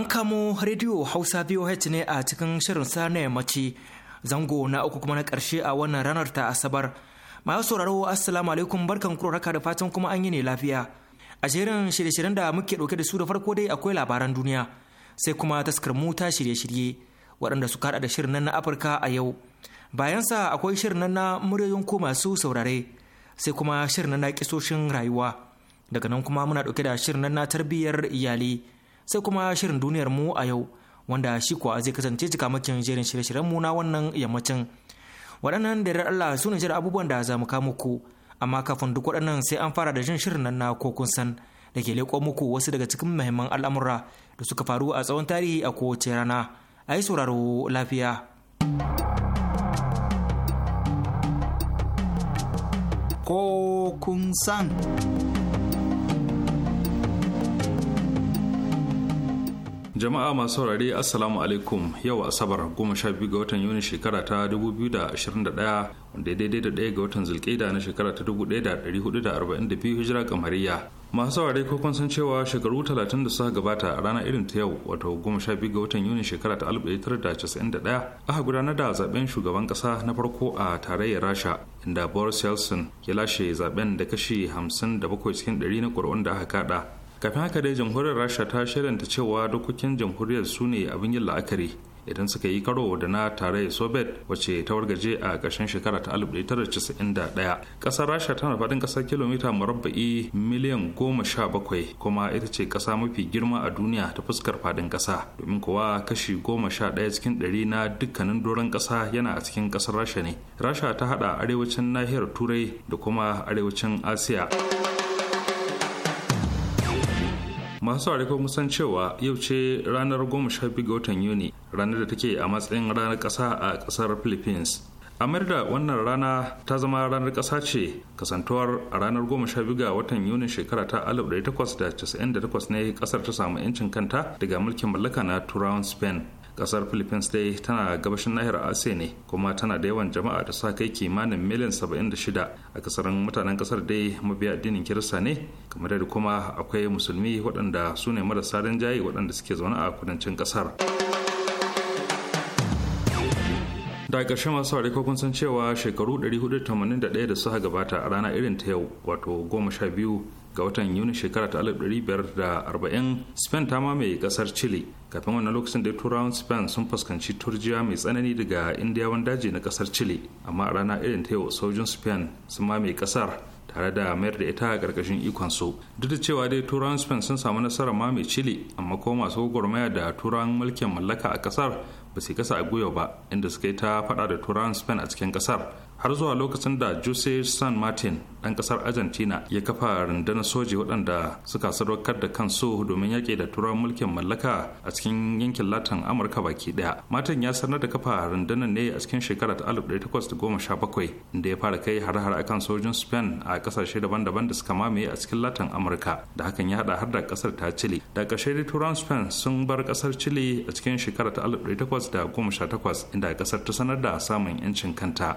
An kamo rediyo Hausa VOH ne a cikin shirin sa na zango na uku kuma na ƙarshe a wannan ranar ta Asabar. Masu sauraro Assalamu alaikum barkan kuro raka da fatan kuma an yi ne lafiya. A jerin shirye-shiryen da muke ɗauke da su da farko dai akwai labaran duniya sai kuma taskar mu shirye-shirye waɗanda su kaɗa da shirin nan na Afirka a yau. Bayansa akwai shirin nan na muryoyin ko masu saurare sai kuma shirin nan na kisoshin rayuwa. Daga nan kuma muna ɗauke da shirin nan na tarbiyyar iyali. sai kuma shirin duniyar mu a yau wanda shi kuwa zai kasance cikamakin jerin shirye-shiryen mu na wannan yammacin waɗannan da Allah su ne jira abubuwan da za mu kawo muku amma kafin duk waɗannan sai an fara da jin shirin nan na kokun san da ke leƙo muku wasu daga cikin muhimman al'amura da suka faru a tsawon tarihi a kowace rana a yi sauraro lafiya kokun san jama'a masu saurari assalamu alaikum yau asabar goma sha biyu ga watan yuni shekara ta 2021 wanda daidai da ɗaya ga watan zulkaida na shekara ta 1442 hijira kamariya masu saurari ko kun san cewa shekaru 30 da suka gabata a ranar irin ta yau wato goma sha biyu ga watan yuni shekara ta 1991 aka gudanar da zaben shugaban kasa na farko a tarayyar rasha inda boris yeltsin ya lashe zaben da kashi 57 cikin 100 na ƙuri'un da aka kada kafin haka dai jamhuriyar rasha ta shirinta cewa dokokin jamhuriyar su ne abin yin la'akari idan suka yi karo da na tarayyar soviet wace ta wargaje a ƙarshen shekara ta 1991 ƙasar rasha tana faɗin ƙasar kilomita murabba'i miliyan goma sha bakwai kuma ita ce ƙasa mafi girma a duniya ta fuskar faɗin ƙasa domin kowa kashi goma sha ɗaya cikin ɗari na dukkanin doron ƙasa yana a cikin ƙasar rasha ne rasha ta haɗa arewacin nahiyar turai da kuma arewacin asiya masu saurari ko san cewa yau ce ranar 12 ga watan yuni ranar da take a matsayin ranar kasa a kasar philippines amir da wannan rana ta zama ranar kasa ce kasantuwar a ranar 12 ga watan yuni shekara ta 1898 ne ƙasar ta samu 'yancin kanta daga mulkin mallaka na turawan spain kasar philippines dai tana gabashin nahiyar ase ne kuma tana da yawan jama'a da sa kai kimanin miliyan shida a kasarin mutanen kasar dai mabiya addinin kirista ne kamar da kuma akwai musulmi waɗanda su ne marasa rinjaye waɗanda suke zaune a kudancin kasar da ƙarshe masu saurari kun san cewa shekaru 481 da suka gabata a rana irin ta yau wato 12 ga watan yuni shekara ta alif da arba'in spain ta mamaye kasar chile kafin wannan lokacin da turawan spain sun fuskanci turjiya mai tsanani daga indiyawan daji na kasar chile amma a rana irin ta yau sojin spain sun mamaye kasar tare da mayar da ita a ƙarƙashin ikonsu duk da cewa dai turawan spain sun samu nasarar mamaye chile amma ko masu gwagwarmaya da turawan mulkin mallaka a kasar ba su kasa a gwiwa ba inda suka yi ta faɗa da turawan spain a cikin kasar har zuwa lokacin da jose san martin ɗan ƙasar argentina ya kafa rundunar soji waɗanda suka sadaukar da kansu domin yaƙi da turawan mulkin mallaka a cikin yankin latin amurka baki ɗaya martin ya sanar da kafa rundunar ne a cikin shekara ta 1817 da ya fara kai har-har akan sojin spain a ƙasashe daban-daban da suka mamaye a cikin latin amurka da hakan ya haɗa har da ƙasar ta chile da ƙarshe da turawan spain sun bar ƙasar chile a cikin shekara ta 1818 inda ƙasar ta sanar da samun 'yancin kanta.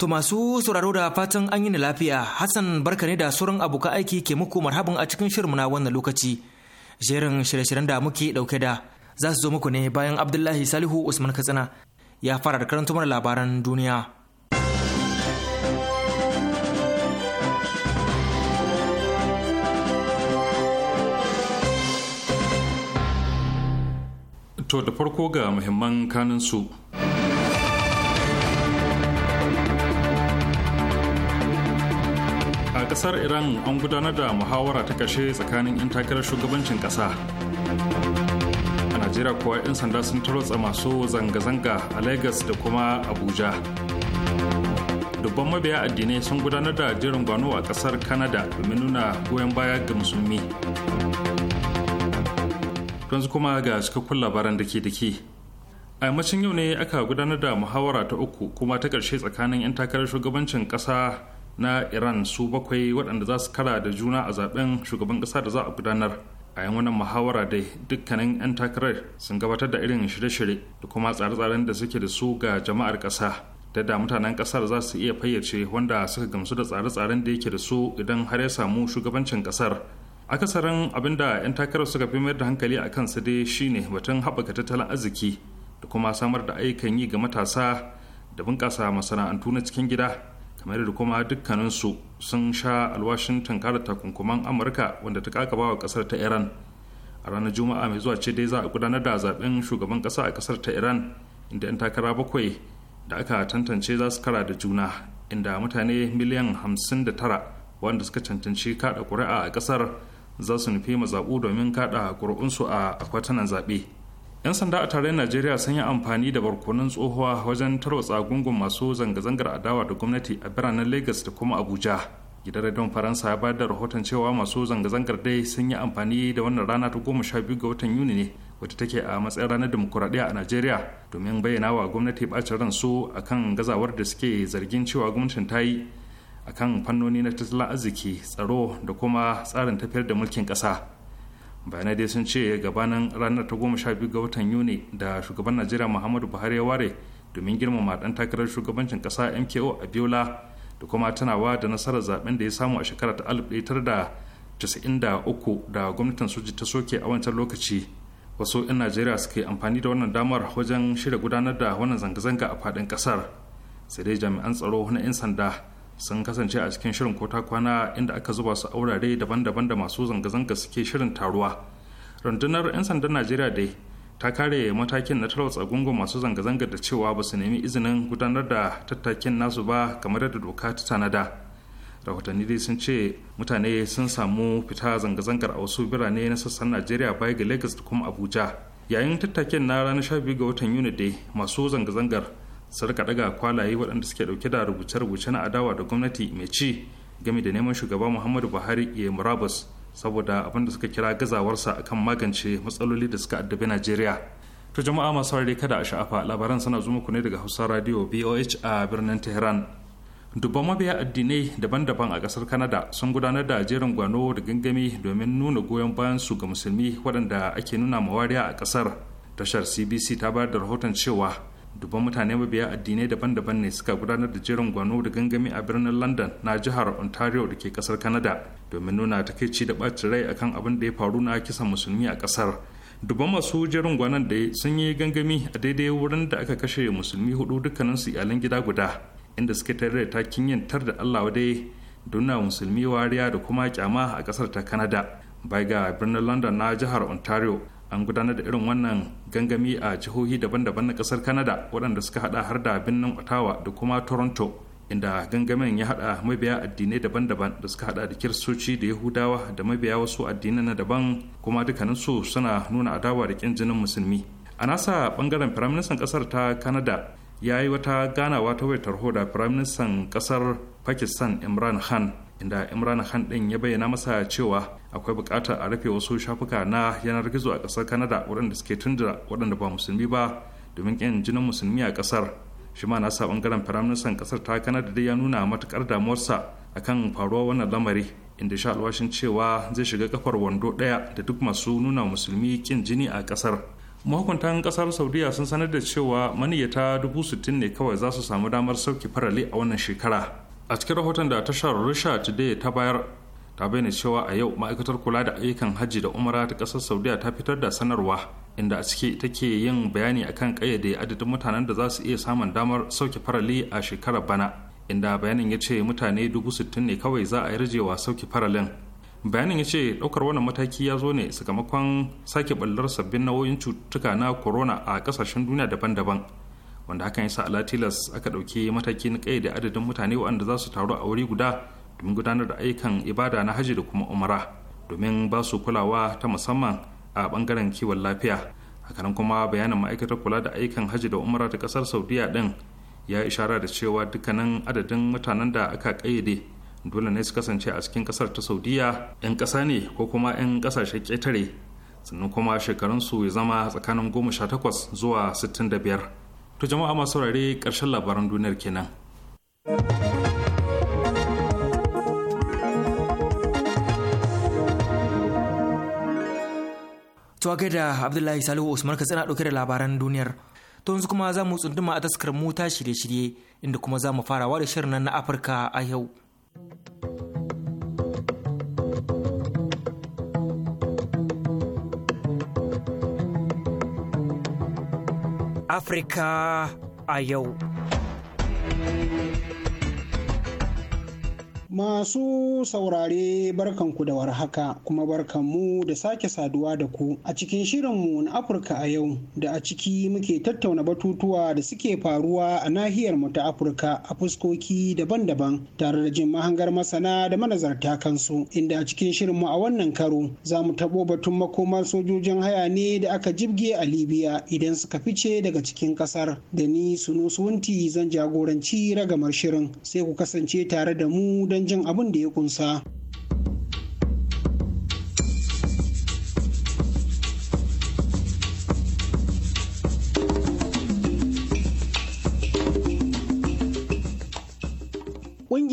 To masu sauraro da fatan an yi ni lafiya Hassan barka ne da sauran abokan aiki ke muku marhaban a cikin shirin na wannan lokaci. Jerin shirye-shiryen da muke dauke da za su zo muku ne bayan Abdullahi Salihu Usman Katsina ya fara da karanta mana labaran duniya. To da farko ga muhimman kanin kasar iran an gudanar da muhawara ta kashe tsakanin 'yan takarar shugabancin kasa a najeriya kuwa 'yan sanda sun tarotsa masu zanga-zanga a lagos da kuma abuja dubban mabiya addinai sun gudanar da jerin gwano a kasar Kanada domin nuna goyon baya ga musulmi yanzu kuma ga cikakkun labaran da ke da ke a yammacin yau ne aka gudanar da muhawara ta uku kuma ta ƙarshe tsakanin 'yan takarar shugabancin ƙasa na iran su bakwai waɗanda za su kara da juna a zaben shugaban ƙasa da za a gudanar a yan wannan muhawara dai dukkanin 'yan takarar sun gabatar da irin shirye-shirye da kuma tsare-tsaren da suke da su ga jama'ar ƙasa da da mutanen ƙasar za su iya fayyace wanda suka gamsu da tsare-tsaren da yake da su idan har ya samu shugabancin ƙasar akasarin abin da 'yan takarar suka fi mayar da hankali a kansa dai shine batun haɓaka tattalin arziki da kuma samar da ayyukan yi ga matasa da bunƙasa masana'antu na cikin gida kamar da kuma dukkaninsu sun sha alwashin tankarar takunkuman amurka wanda ta kaka wa kasar ta iran a ranar juma'a mai zuwa ce dai za a gudanar da zaben shugaban kasa a kasar ta iran inda 'yan takara bakwai da aka tantance za su kara da juna inda mutane miliyan hamsin da tara wanda suka cancanci kada kuri'a a kasar za su nufi mazaɓu domin kada kuri'unsu a akwatunan zaɓe 'yan sanda a tarayyar najeriya sun yi amfani da barkonon tsohuwa wajen tarwatsa gungun masu zanga-zangar adawa da gwamnati a biranen lagos da kuma abuja gidan radon faransa ya bayar da rahoton cewa masu zanga-zangar dai sun yi amfani da wannan rana ta goma sha biyu ga watan yuni ne wata take a matsayin ranar demokuraɗiyya a najeriya domin bayyana wa gwamnati bacin ran su akan gazawar da suke zargin cewa gwamnatin ta yi akan fannoni na tattalin arziki tsaro da kuma tsarin tafiyar da mulkin ƙasa bayanai dai sun ce gabanin ranar ta goma sha biyu ga watan yuni da shugaban najeriya muhammadu buhari ya ware domin girmama dan takarar shugabancin kasa mko a abiola da kuma tunawa da nasarar zaben da ya samu a shekara ta 1993 da gwamnatin soji ta soke a wancan lokaci wasu 'yan najeriya suke amfani da wannan damar wajen shirya gudanar da wannan zanga-zanga a faɗin kasar sai dai jami'an tsaro na 'yan sanda sun kasance a cikin shirin kota kwana inda aka zuba su aurare daban-daban da masu zanga-zanga suke shirin taruwa rundunar 'yan sandan najeriya dai ta kare matakin na a gungun masu zanga-zanga da cewa ba su nemi izinin gudanar da tattakin nasu ba kamar da doka ta tanada rahotanni dai sun ce mutane sun samu fita zanga-zangar a wasu birane na sassan najeriya baya ga lagos da kuma abuja yayin tattakin na ranar 12 ga watan yuni dai masu zanga-zangar su rika daga kwalaye waɗanda suke ɗauke da rubuce-rubuce na adawa da gwamnati mai ci game da neman shugaba muhammadu buhari ya murabus saboda abin da suka kira gazawarsa akan magance matsaloli da suka addabi najeriya to jama'a masu saurare kada a sha'afa labaran suna zo muku ne daga hausa radio boh a birnin tehran dubban mabiya addinai daban-daban a kasar kanada sun gudanar da jerin gwano da gangami domin nuna goyon bayan su ga musulmi waɗanda ake nuna mawariya a kasar tashar cbc ta bayar da rahoton cewa dubban mutane mabiya addinai daban-daban ne suka gudanar da jerin gwano da gangami a birnin london na jihar ontario da ke kasar canada domin nuna takaici da bacin rai akan abin da ya faru na kisan musulmi a kasar dubban masu jerin gwanon da sun yi gangami a daidai wurin da aka kashe musulmi hudu dukkaninsu iyalan gida guda inda suke tare da takin yin tar da allah wadai duna musulmi wariya da kuma kyama a kasar ta canada bai ga birnin london na jihar ontario an gudanar da irin wannan gangami a jihohi daban-daban na kasar canada waɗanda suka hada har da birnin ottawa da kuma toronto inda gangamin ya hada mabiya addinai daban-daban da suka hada da kiristoci da yahudawa da mabiya wasu addinai na daban kuma dukkanin su suna nuna adawa da kin jinin musulmi a nasa bangaren firaministan kasar ta canada ya yi wata ganawa ta wayar tarho da firaministan kasar pakistan imran khan inda imran khan din ya bayyana masa cewa akwai bukatar a rufe wasu shafuka na yanar gizo a kasar kanada waɗanda suke tundura waɗanda ba musulmi ba domin ƙin jinin musulmi a kasar shi ma nasa bangaren firaministan kasar ta canada dai ya nuna matukar damuwarsa akan faruwar wannan lamari inda sha alwashin cewa zai shiga kafar wando ɗaya da duk masu nuna musulmi ƙin jini a kasar mahukuntan kasar saudiya sun sanar da cewa maniyyata dubu sittin ne kawai za su samu damar sauki farale a wannan shekara a cikin rahoton da tashar rusha today ta bayar ta bayyana cewa a yau ma'aikatar kula da ayyukan hajji da umara ta kasar saudiya ta fitar da sanarwa inda a ciki take yin bayani akan kayyade adadin mutanen da za su iya samun damar sauke farali a shekarar bana inda bayanin ya ce mutane dubu sittin ne kawai za a yi rajewa sauke faralin bayanin ya ce ɗaukar wannan mataki ya zo ne sakamakon sake ɓallar sabbin nauyin cutuka na corona a ƙasashen duniya daban-daban wanda hakan ya sa latilas aka ɗauki mataki na ƙayyade adadin mutane waɗanda za su taru a wuri guda domin gudanar da ayyukan ibada na hajji da kuma umara domin ba su kulawa ta musamman a ɓangaren kiwon lafiya hakanan kuma bayanin ma'aikatar kula da ayyukan hajji da umara ta ƙasar saudiya ɗin ya ishara da cewa dukkanin adadin mutanen da aka ƙayyade dole ne su kasance a cikin ƙasar ta saudiya 'yan ƙasa ne ko kuma 'yan ƙasashen ƙetare sannan kuma shekarunsu ya zama tsakanin goma sha takwas zuwa sittin da biyar to jama'a masu saurare karshen labaran duniyar kenan. To a gaida Abdullahi Salihu Usman ka tsina ɗauke da labaran duniyar. To yanzu kuma za mu tsunduma a taskar mota shirye-shirye inda kuma za mu farawa da shirin nan na Afirka a yau. Afirka a yau. Masu saurare barkanku da warhaka kuma barkanmu da sake saduwa da ku a cikin shirinmu na Afirka a yau da a ciki muke tattauna batutuwa da suke faruwa a nahiyar mu ta Afirka a fuskoki daban-daban tare da jin mahangar masana da manazarta kansu inda a cikin shirinmu a wannan karo za mu tabo batun makomar sojojin haya ne da aka jibge a Libya idan suka fice daga cikin ƙasar da ni Sunusu Wunti zan jagoranci ragamar shirin sai ku kasance tare da mu don wajen jin abin da ya kunsa.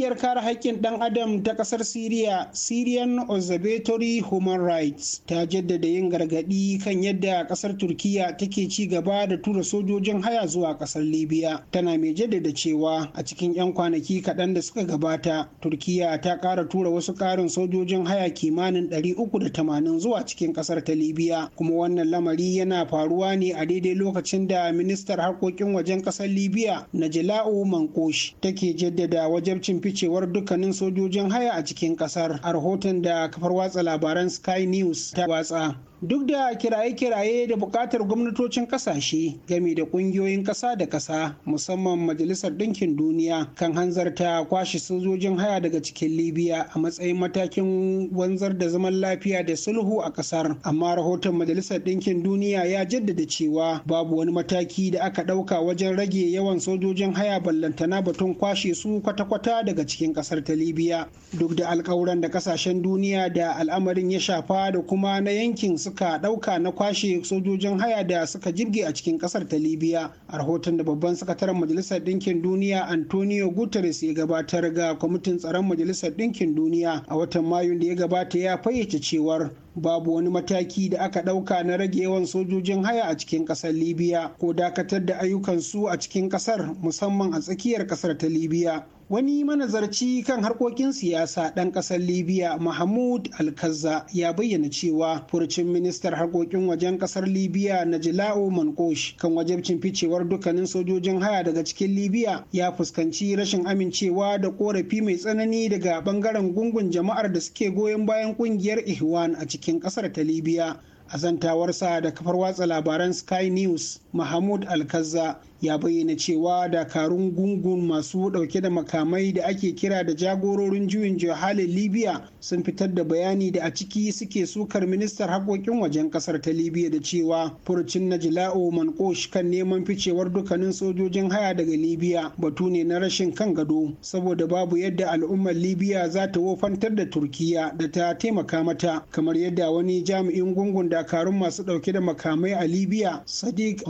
ƙungiyar kare haƙƙin ɗan adam ta ƙasar Siriya, Syrian Observatory Human Rights, ta jaddada yin gargaɗi kan yadda ƙasar Turkiya take ci gaba da tura sojojin haya zuwa ƙasar Libya. Tana mai jaddada cewa a cikin 'yan kwanaki kaɗan da suka gabata, Turkiya ta ƙara tura wasu ƙarin sojojin haya kimanin 380 zuwa cikin ƙasar ta Libya. Kuma wannan lamari yana faruwa ne a daidai lokacin da ministar harkokin wajen ƙasar Libya, Najla'u mankoshi take jaddada wajabcin fice ficewar dukkanin sojojin haya a cikin kasar a rahoton da kafar watsa labaran sky news ta watsa duk da kiraye-kiraye da buƙatar gwamnatocin kasashe game da ƙungiyoyin ƙasa da ƙasa musamman majalisar ɗinkin duniya kan hanzarta kwashe sojojin haya daga cikin libya a matsayin matakin wanzar da zaman lafiya da sulhu a ƙasar, amma rahoton majalisar ɗinkin duniya ya jaddada cewa babu wani mataki da aka ɗauka wajen rage yawan sojojin haya ballantana batun kwashe su kwata-kwata daga cikin ƙasar ta libya duk da alkawuran da ƙasashen duniya da al'amarin ya shafa da kuma na yankin suka ɗauka na kwashe sojojin haya da suka jirge a cikin ƙasar ta libya a rahoton da babban sakataren majalisar ɗinkin duniya antonio guterres ya gabatar ga kwamitin tsaron majalisar ɗinkin duniya a watan mayun da ya gabata ya fayyace cewar babu wani mataki da aka ɗauka na rage yawan sojojin haya a cikin ƙasar libya ko dakatar da ayyukansu a cikin ƙasar musamman a tsakiyar ƙasar ta libya Wani manazarci kan harkokin siyasa ɗan ƙasar Libya Mahmud Alkazza ya bayyana cewa furcin ministar harkokin wajen ƙasar Libya Najila'u Mankosh kan wajabcin ficewar dukkanin sojojin haya daga cikin Libya ya fuskanci rashin amincewa da korafi mai tsanani daga ɓangaren gungun jama'ar da suke goyon bayan ƙungiyar Ihwan a cikin ƙasar ta Libya. a zantawarsa da kafar watsa labaran sky news mahmud alkazza ya bayyana cewa dakarun gungun masu dauke da makamai da ake kira da jagororin juyin halin libya sun fitar da bayani da a ciki suke sukar ministar haƙoƙin wajen kasar ta libya da cewa furucin na jila'o manƙosh kan neman ficewar dukkanin sojojin haya daga libya batu ne na rashin kan gado saboda babu yadda al'ummar libya za ta wofantar da turkiya da ta taimaka mata kamar yadda wani jami'in gungun dakarun masu dauke da makamai a libya sadiq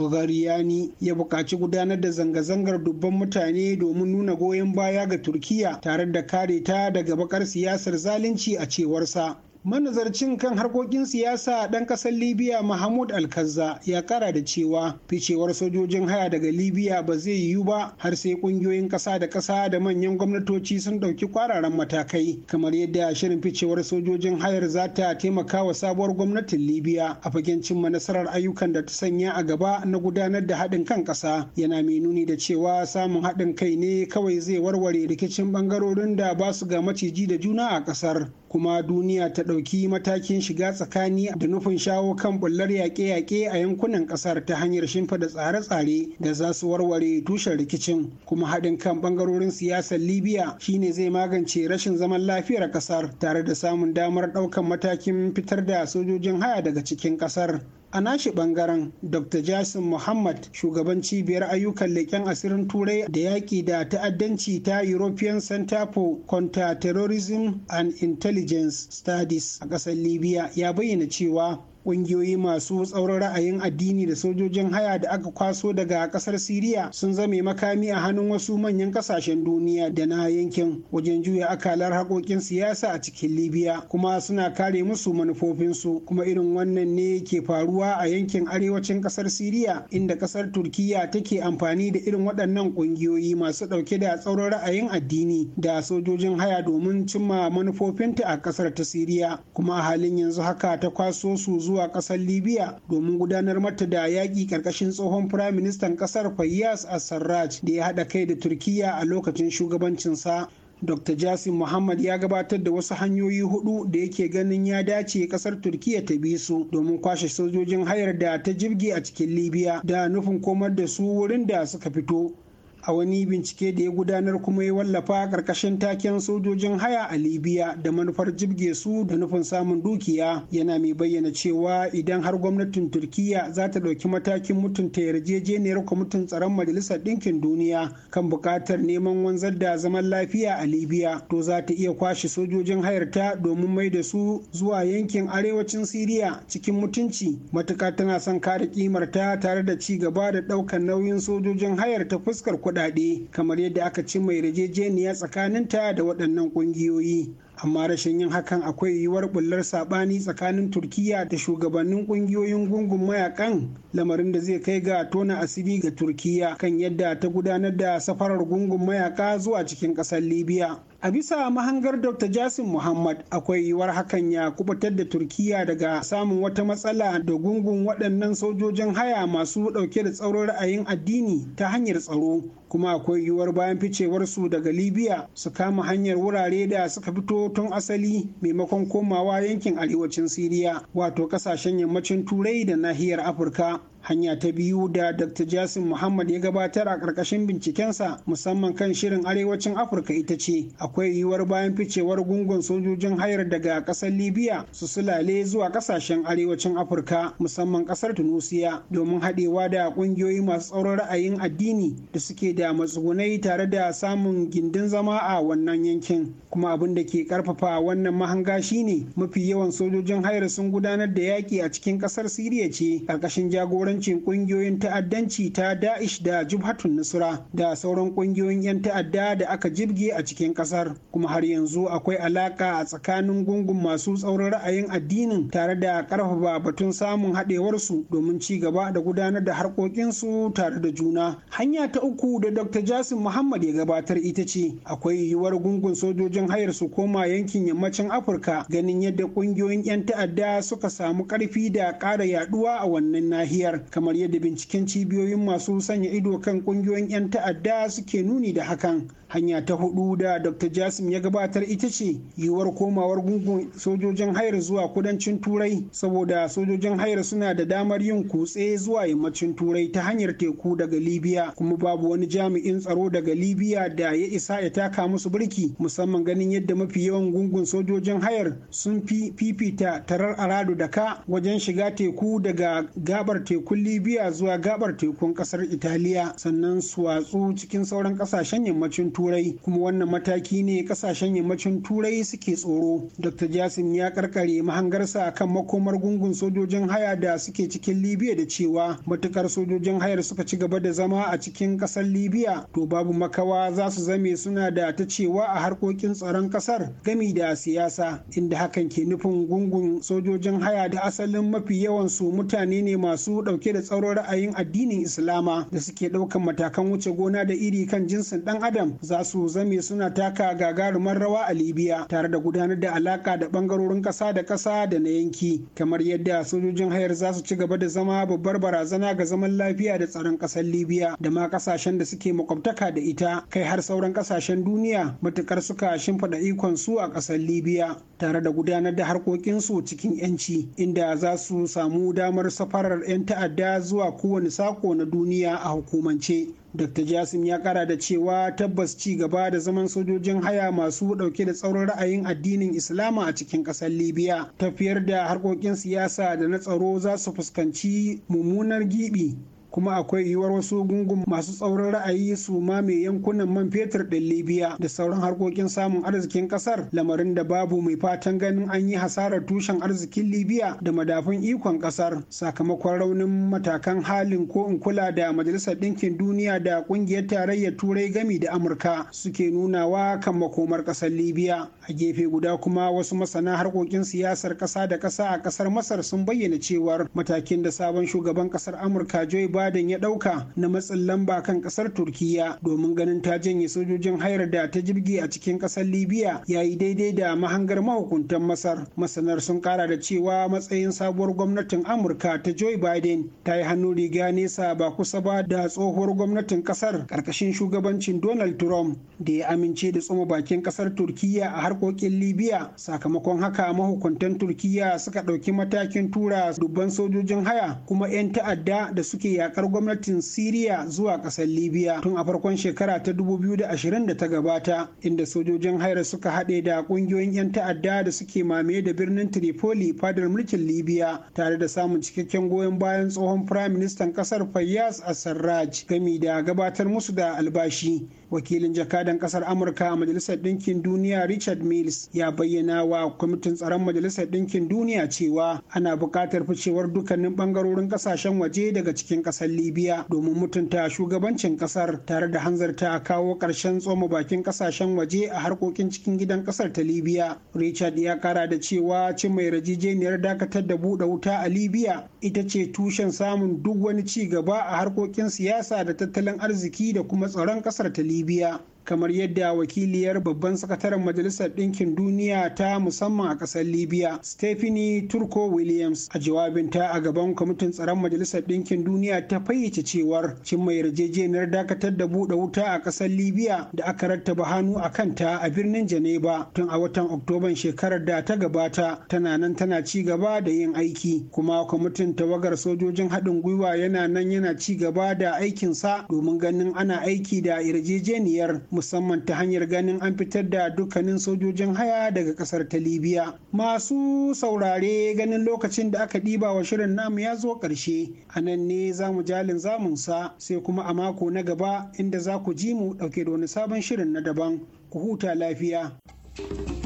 ya buƙaci gudanar da zanga-zangar dubban mutane domin nuna goyon baya ga turkiya tare da kare ta daga bakar siyasar zalunci a cewarsa manazarcin kan harkokin siyasa ɗan ƙasar libya mahmud alkazza ya kara da cewa ficewar sojojin haya daga libya ba zai yiwu ba har sai ƙungiyoyin ƙasa da ƙasa da manyan gwamnatoci sun ɗauki kwararan matakai kamar yadda shirin ficewar sojojin hayar za ta taimaka wa sabuwar gwamnatin libya a fagen cimma nasarar ayyukan da ta sanya a gaba na gudanar da haɗin kan ƙasa yana mai nuni da cewa samun haɗin kai ne kawai zai warware rikicin ɓangarorin da ba su ga maciji da juna a ƙasar kuma duniya ta ɗauki matakin shiga tsakani da nufin shawo kan bullar yaƙe-yaƙe a yankunan ƙasar ta hanyar shimfida tsare-tsare da za su warware tushen rikicin kuma haɗin kan ɓangarorin siyasar libya shine zai magance rashin zaman lafiyar ƙasar tare da samun damar ɗaukan matakin fitar da sojojin haya daga cikin ƙasar a nashi bangaren dr Jason muhammad shugaban cibiyar ayyukan leƙen asirin turai da yaƙi da ta'addanci ta european center for counter-terrorism and intelligence studies a ƙasar libya ya bayyana cewa Ƙungiyoyi masu tsauran ra'ayin addini da sojojin haya da aka kwaso daga ƙasar Siriya sun zame makami a hannun wasu manyan ƙasashen duniya da na yankin wajen juya akalar haƙoƙin siyasa a cikin Libya kuma suna kare musu manufofinsu kuma irin wannan ne ke faruwa a yankin arewacin ƙasar Siriya inda ƙasar Turkiya take amfani da irin waɗannan ƙungiyoyi masu ɗauke da tsauran ra'ayin addini da sojojin haya domin cimma manufofinta a ƙasar ta Siriya kuma halin yanzu haka ta kwaso su zuwa kasar libya domin gudanar mata da yaƙi ƙarƙashin tsohon firaministan kasar fayyas assarraj da ya haɗa kai da turkiya a lokacin shugabancinsa dr jasim muhammad ya gabatar da wasu hanyoyi hudu da yake ganin ya dace kasar turkiya ta bi su domin kwashe sojojin hayar da ta jirgi a cikin libya da nufin komar da su wurin da suka fito a wani bincike da ya gudanar kuma ya wallafa ƙarƙashin taken sojojin haya a libya da manufar jibge su da nufin samun dukiya yana mai bayyana cewa idan har gwamnatin turkiya za ta ɗauki matakin mutunta yarjejeniyar kwamitin tsaron majalisar ɗinkin duniya kan buƙatar neman wanzar da zaman lafiya a libya to za ta iya kwashe sojojin hayarta domin mai da su zuwa yankin arewacin siriya cikin mutunci matuƙa tana son kare kimarta tare da ci gaba da ɗaukar nauyin sojojin hayar ta fuskar kuɗi kuɗaɗe kamar yadda aka ci mai yarjejeniya tsakaninta da waɗannan ƙungiyoyi amma rashin yin hakan akwai yiwuwar bullar sabani tsakanin turkiya da shugabannin kungiyoyin gungun mayakan lamarin da zai kai ga tona asiri ga turkiya kan yadda ta gudanar da safarar gungun mayaka zuwa cikin kasar libya A bisa mahangar Dr. Jasim Muhammad akwai yiwuwar hakan ya kubutar da Turkiya daga samun wata matsala da gungun waɗannan sojojin haya masu ɗauke da tsaron ra'ayin addini ta hanyar tsaro. kuma akwai yiwuwar bayan ficewar su daga libya su kama hanyar wurare da suka fito tun asali maimakon komawa yankin arewacin siriya wato kasashen yammacin turai da nahiyar afirka hanya ta biyu da dr jasim muhammad ya gabatar a ƙarƙashin bincikensa musamman kan shirin arewacin afirka ita ce akwai yiwuwar bayan ficewar gungun sojojin hayar daga ƙasar libya su sulale zuwa ƙasashen arewacin afirka musamman ƙasar tunisia domin haɗewa da ƙungiyoyi masu tsauran ra'ayin addini da suke da matsugunai tare da samun gindin zama a wannan yankin kuma abin da ke ƙarfafa wannan mahanga shine mafi yawan sojojin hayar sun gudanar da yaƙi a cikin ƙasar siriya ce ƙarƙashin jagorancin jagorancin kungiyoyin ta'addanci ta Da'ish da Jubhatun Nusra da sauran kungiyoyin 'yan ta'adda da aka jibge a cikin kasar kuma har yanzu akwai alaka a tsakanin gungun masu tsaurin ra'ayin addinin tare da karfafa batun samun haɗewarsu domin ci gaba da gudanar da harkokinsu tare da juna. Hanya ta uku da Dr. Jasim Muhammad ya gabatar ita ce akwai yiwuwar gungun sojojin hayar su koma yankin yammacin Afirka ganin yadda kungiyoyin 'yan ta'adda suka samu ƙarfi da ƙara yaɗuwa a wannan nahiyar. kamar yadda binciken cibiyoyin masu sanya ido kan kungiyoyin 'yan ta'adda suke nuni da hakan hanya ta hudu da dr jasim ya gabatar ita ce yiwuwar komawar gungun sojojin hayar zuwa kudancin turai saboda sojojin hayar suna da damar yin kutse zuwa yammacin turai ta hanyar teku daga libya kuma babu wani jami'in tsaro daga libya da ya isa ya taka musu birki musamman ganin yadda mafi yawan gungun sojojin hayar sun fi fifita tarar aradu da ka wajen shiga teku daga gabar tekun libya zuwa gabar tekun kasar italiya sannan su watsu cikin sauran kasashen yammacin turai kuma wannan mataki ne kasashen yammacin turai suke tsoro dr jasim ya karkare mahangarsa akan makomar gungun sojojin haya da suke cikin libya da cewa matukar sojojin hayar suka ci gaba da zama a cikin kasar libya to babu makawa za su zame suna da ta cewa a harkokin tsaron kasar gami da siyasa inda hakan ke nufin gungun sojojin haya da asalin mafi yawan su mutane ne masu dauke da tsaron ra'ayin addinin islama da suke daukan matakan wuce gona da iri kan jinsin dan adam za su zame suna taka gagarumar rawa a libya tare da gudanar da alaka da bangarorin ƙasa da ƙasa da na yanki kamar yadda sojojin hayar za su ci gaba da zama babbar barazana ga zaman lafiya da tsaron ƙasar libya da ma ƙasashen da suke makwabtaka da ita kai har sauran ƙasashen duniya matukar suka shimfiɗa ikon su a ƙasar libya tare da gudanar da harkokinsu cikin 'yanci inda za su samu damar safarar 'yan ta'adda zuwa kowane sako na duniya a hukumance dr jasim ya kara da cewa tabbas ci gaba da zaman sojojin haya masu dauke da tsaurin ra'ayin addinin islama a cikin kasar libya tafiyar da harkokin siyasa da na tsaro za su fuskanci mummunar gibi kuma akwai yiwuwar wasu gungun masu tsaurin ra'ayi su mai yankunan man fetur ɗin libiya da sauran harkokin samun arzikin kasar lamarin da babu mai fatan ganin an yi hasarar tushen arzikin libiya da madafun ikon kasar sakamakon raunin matakan halin ko in kula da majalisar ɗinkin duniya da ƙungiyar tarayyar turai gami da amurka suke nunawa kan makomar ƙasar libiya a gefe guda kuma wasu masana harkokin siyasar ƙasa da ƙasa a ƙasar masar sun bayyana cewar matakin da sabon shugaban ƙasar amurka joe baden ya ɗauka na matsin lamba kan ƙasar turkiyya domin ganin ta janye sojojin hayar da ta jirgi a cikin ƙasar libya ya yi daidai da mahangar mahukuntan masar masanar sun kara da cewa matsayin sabuwar gwamnatin amurka ta joe biden ta yi hannu riga nesa ba kusa ba da tsohuwar gwamnatin ƙasar ƙarƙashin shugabancin donald trump da ya amince da tsoma bakin ƙasar turkiya a harkokin libya sakamakon haka mahukuntan turkiyya suka ɗauki matakin tura dubban sojojin haya kuma 'yan ta'adda da suke iyakar gwamnatin Siriya zuwa ƙasar Libya tun a farkon shekara ta 2020 da ta gabata inda sojojin haira suka haɗe da ƙungiyoyin 'yan ta'adda da suke mamaye da birnin Tripoli fadar mulkin Libya tare da samun cikakken goyon bayan tsohon firaministan kasar ƙasar Fayyaz sarraj gami da gabatar musu da albashi. wakilin jakadan kasar amurka a majalisar ɗinkin duniya richard mills ya bayyana wa kwamitin tsaron majalisar ɗinkin duniya cewa ana buƙatar ficewar dukkanin ɓangarorin ƙasashen waje daga cikin ƙasar libya domin mutunta shugabancin ƙasar tare da hanzarta kawo ƙarshen tsoma bakin ƙasashen waje a harkokin cikin gidan ƙasar ta libya richard ya kara da cewa cin mai rajijeniyar dakatar da buɗe wuta a libya ita ce tushen samun duk wani ci gaba a harkokin siyasa da tattalin arziki da kuma tsaron ƙasar ta libya b o kamar yadda wakiliyar babban sakataren majalisar ɗinkin duniya ta musamman a ƙasar libya stephanie turko williams a jawabinta a gaban kwamitin tsaron majalisar ɗinkin duniya ta fayyace cewar cin mai yarjejeniyar dakatar da buɗe wuta a ƙasar libya da aka rattaba hannu a kanta a birnin janeba tun a watan oktoban shekarar da ta gabata tana nan tana ci gaba da yin aiki kuma kwamitin tawagar sojojin haɗin gwiwa yana nan yana ci gaba da aikinsa domin ganin ana aiki da yarjejeniyar musamman ta hanyar ganin an fitar da dukkanin sojojin haya daga kasar ta libya masu saurare ganin lokacin da aka ɗiba wa shirin namu ya zo ƙarshe a nan ne za mu jalin zamunsa sai kuma a mako na gaba inda za ku ji mu ɗauke da wani sabon shirin na daban ku huta lafiya. thank you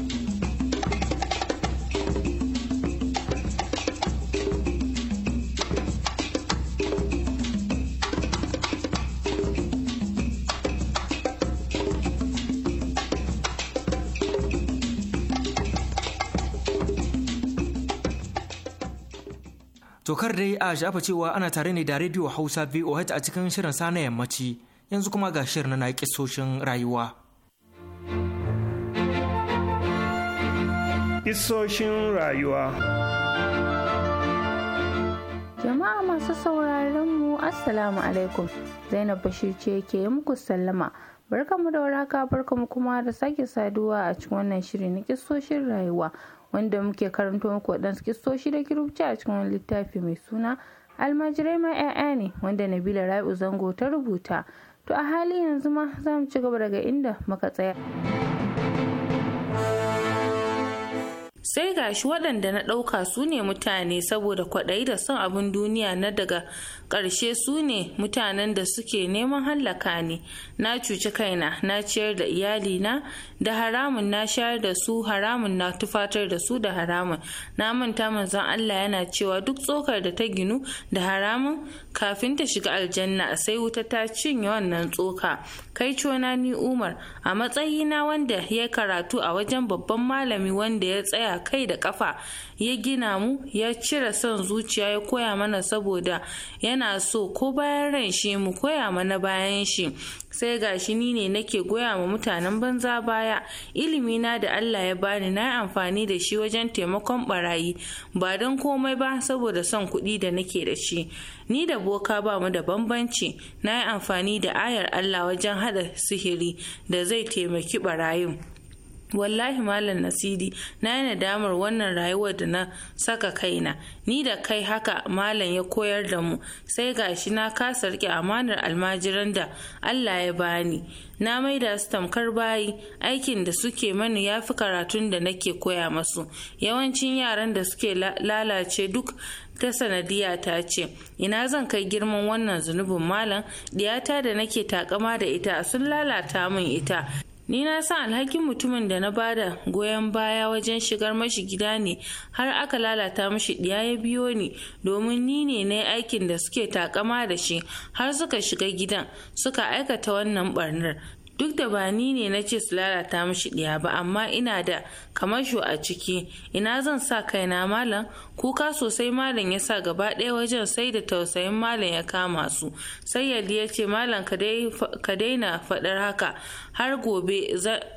Tokar dai a shafa cewa ana tare ne da rediyo Hausa VOH a cikin shirin sa yammaci yanzu kuma ga shirin na kisoshin rayuwa. Kisoshin rayuwa Jama'a masu sauraron mu Assalamu alaikum Zainab Bashir ce ke muku sallama barkamu da waraka barkamu kuma da sake saduwa a cikin wannan shiri na kisoshin rayuwa wanda muke karanto muku waɗansu kistoshi da kirubci a cikin wani littafi mai suna almajirai ma 'ya'ya ne wanda nabila rai'u zango ta rubuta to a hali yanzu ma za mu ci gaba daga inda muka tsaya. sai gashi waɗanda na ɗauka su ne mutane saboda kwaɗayi da son abin duniya na daga ƙarshe su ne mutanen da suke neman hallaka ne. na cuci kaina na ciyar da iyalina da haramun na shayar da su haramun na tufatar da su da haramun na manta manzon Allah yana cewa duk tsokar da ta ginu da haramun kafin ta shiga aljanna sai wuta ta cinye wannan tsoka kai cona ni umar a matsayina wanda ya karatu a wajen babban malami wanda ya tsaya kai da kafa ya gina mu ya cire son zuciya ya koya mana saboda yana so ko bayan ran shi mu koya mana bayan shi sai ga shi ni ne nake goya ma mutanen banza baya ilimi na da Allah ya bani na amfani da shi wajen taimakon barayi ba don komai ba saboda son kuɗi da nake da shi ni da boka ba mu da bambanci na yi amfani da ayar Allah wajen haɗa sihiri da zai taimaki barayin wallahi malam nasidi na yi nadamar wannan rayuwar da na saka kaina ni da kai haka malam ya koyar da mu sai gashi na kasa rike amanar almajiran da allah ya bani na maida su tamkar bayi aikin da suke mani ya fi karatun da nake koya masu yawancin yaran da suke lalace duk ta sanadiya ta ce ina zan kai girman wannan zunubin malam diyata da nake takama da ita sun lalata min ita ni na san alhakin mutumin da na bada goyon baya wajen shigar mashi gida ne har aka lalata mashi ɗiya ya biyo ni domin ni ne na aikin da suke takama da shi har suka shiga gidan suka aikata wannan barnar duk da ba ni ne na ce su lalata mishi ɗiya ba amma ina da kamasho a ciki ina zan sa kaina malam kuka sosai malam ya sa gaba ɗaya wajen sai da tausayin malam ya kama su sai yadda ya ce malam ka daina faɗar haka har gobe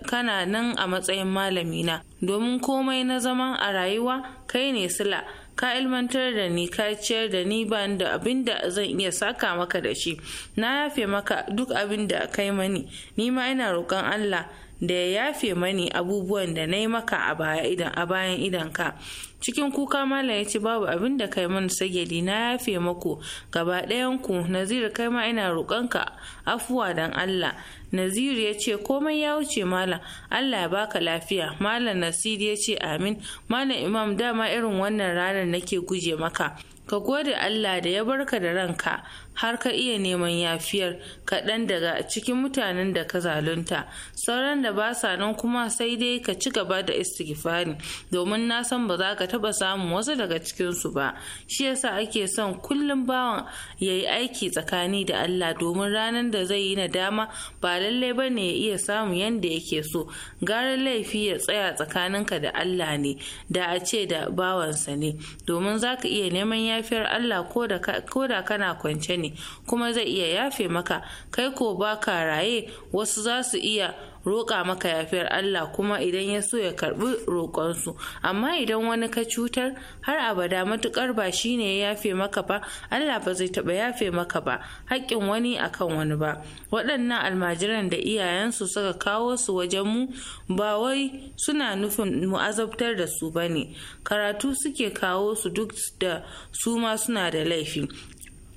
kana nan a matsayin malamina domin komai na zama a rayuwa kai ne sila ka ilmantar da ni ka ciyar da ni ban da abin da zan iya saka maka da shi na yafe maka duk abin da kai mani ni ma ina roƙon Allah da ya yafe mani abubuwan da na yi maka a bayan idan ka cikin kuka mala ya ce babu abin da kai mun sagedi na yafe mako gaba ɗayan ku nazir kai ma ina roƙonka afuwa don allah naziru ya ce komai ya wuce malam allah ya baka lafiya malam nasiru ya ce amin malam imam dama irin wannan ranar nake guje maka ka gode allah da ya barka da ranka har ka iya neman yafiyar kaɗan daga cikin mutanen da ka zalunta sauran da ba sa nan kuma sai dai ka ci gaba da istighfari domin na san ba za ka taɓa samun wasu daga cikinsu ba shi yasa ake son kullum bawan ya yi aiki tsakani da Allah domin ranar da zai yi nadama ba lallai ba ne ya iya samu yadda yake so gara laifi ya tsaya tsakaninka da Allah ne da a ce da bawansa ne domin za ka iya neman yafiyar Allah ko da kana kwance ne ne kuma zai iya yafe maka kai ko baka raye wasu za su iya roƙa maka yafiyar Allah kuma idan ya so ya karɓi roƙonsu amma idan wani ka cutar har abada matuƙar ba shine ya yafe maka ba Allah ba zai taɓa yafe maka ba haƙƙin wani akan wani ba waɗannan almajiran da iyayensu suka kawo su wajen mu ba wai suna nufin mu azabtar da su bane karatu suke kawo su duk da su ma suna da laifi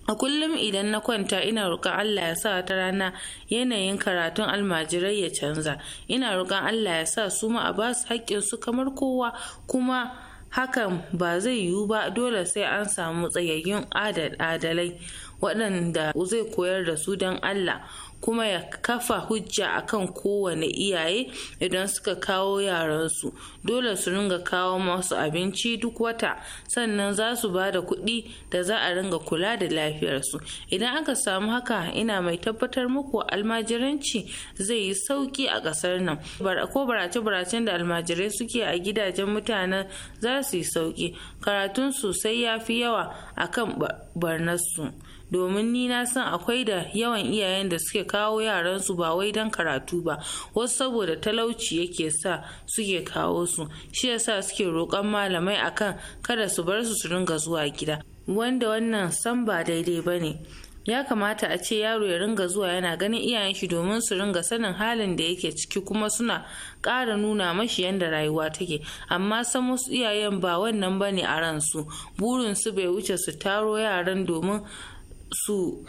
a kullum idan na kwanta ina roƙon Allah ya sa ta rana yanayin karatun almajirai ya canza ina roƙon Allah ya sa su ma a ba su haƙƙin su kamar kowa kuma hakan ba zai yiwu ba dole sai an samu tsayayyun adalai waɗanda zai koyar da su don Allah kuma ya kafa hujja akan kowane iyaye idan suka kawo yaransu dole su ringa kawo masu abinci duk wata sannan za su ba da kuɗi da za a ringa kula da lafiyarsu idan aka samu haka ina mai tabbatar muku almajiranci zai yi sauki a ƙasar nan ko barace-baracen da almajirai suke a gidajen mutane za su yi sauki karatun sosai ya fi yawa akan barnarsu. domin ni na san akwai da yawan iyayen da suke kawo yaransu ba wai don karatu ba wasu saboda talauci yake sa suke kawo su shi yasa suke roƙon malamai akan kada su bar su su ringa zuwa gida wanda wannan san ba daidai ba ne ya kamata a ce yaro ya ringa zuwa yana ganin iyayen shi domin su ringa sanin halin da yake ciki kuma suna ƙara nuna mashi yadda rayuwa take amma san wasu iyayen ba wannan ba ne a ransu burin su bai wuce su taro yaran domin su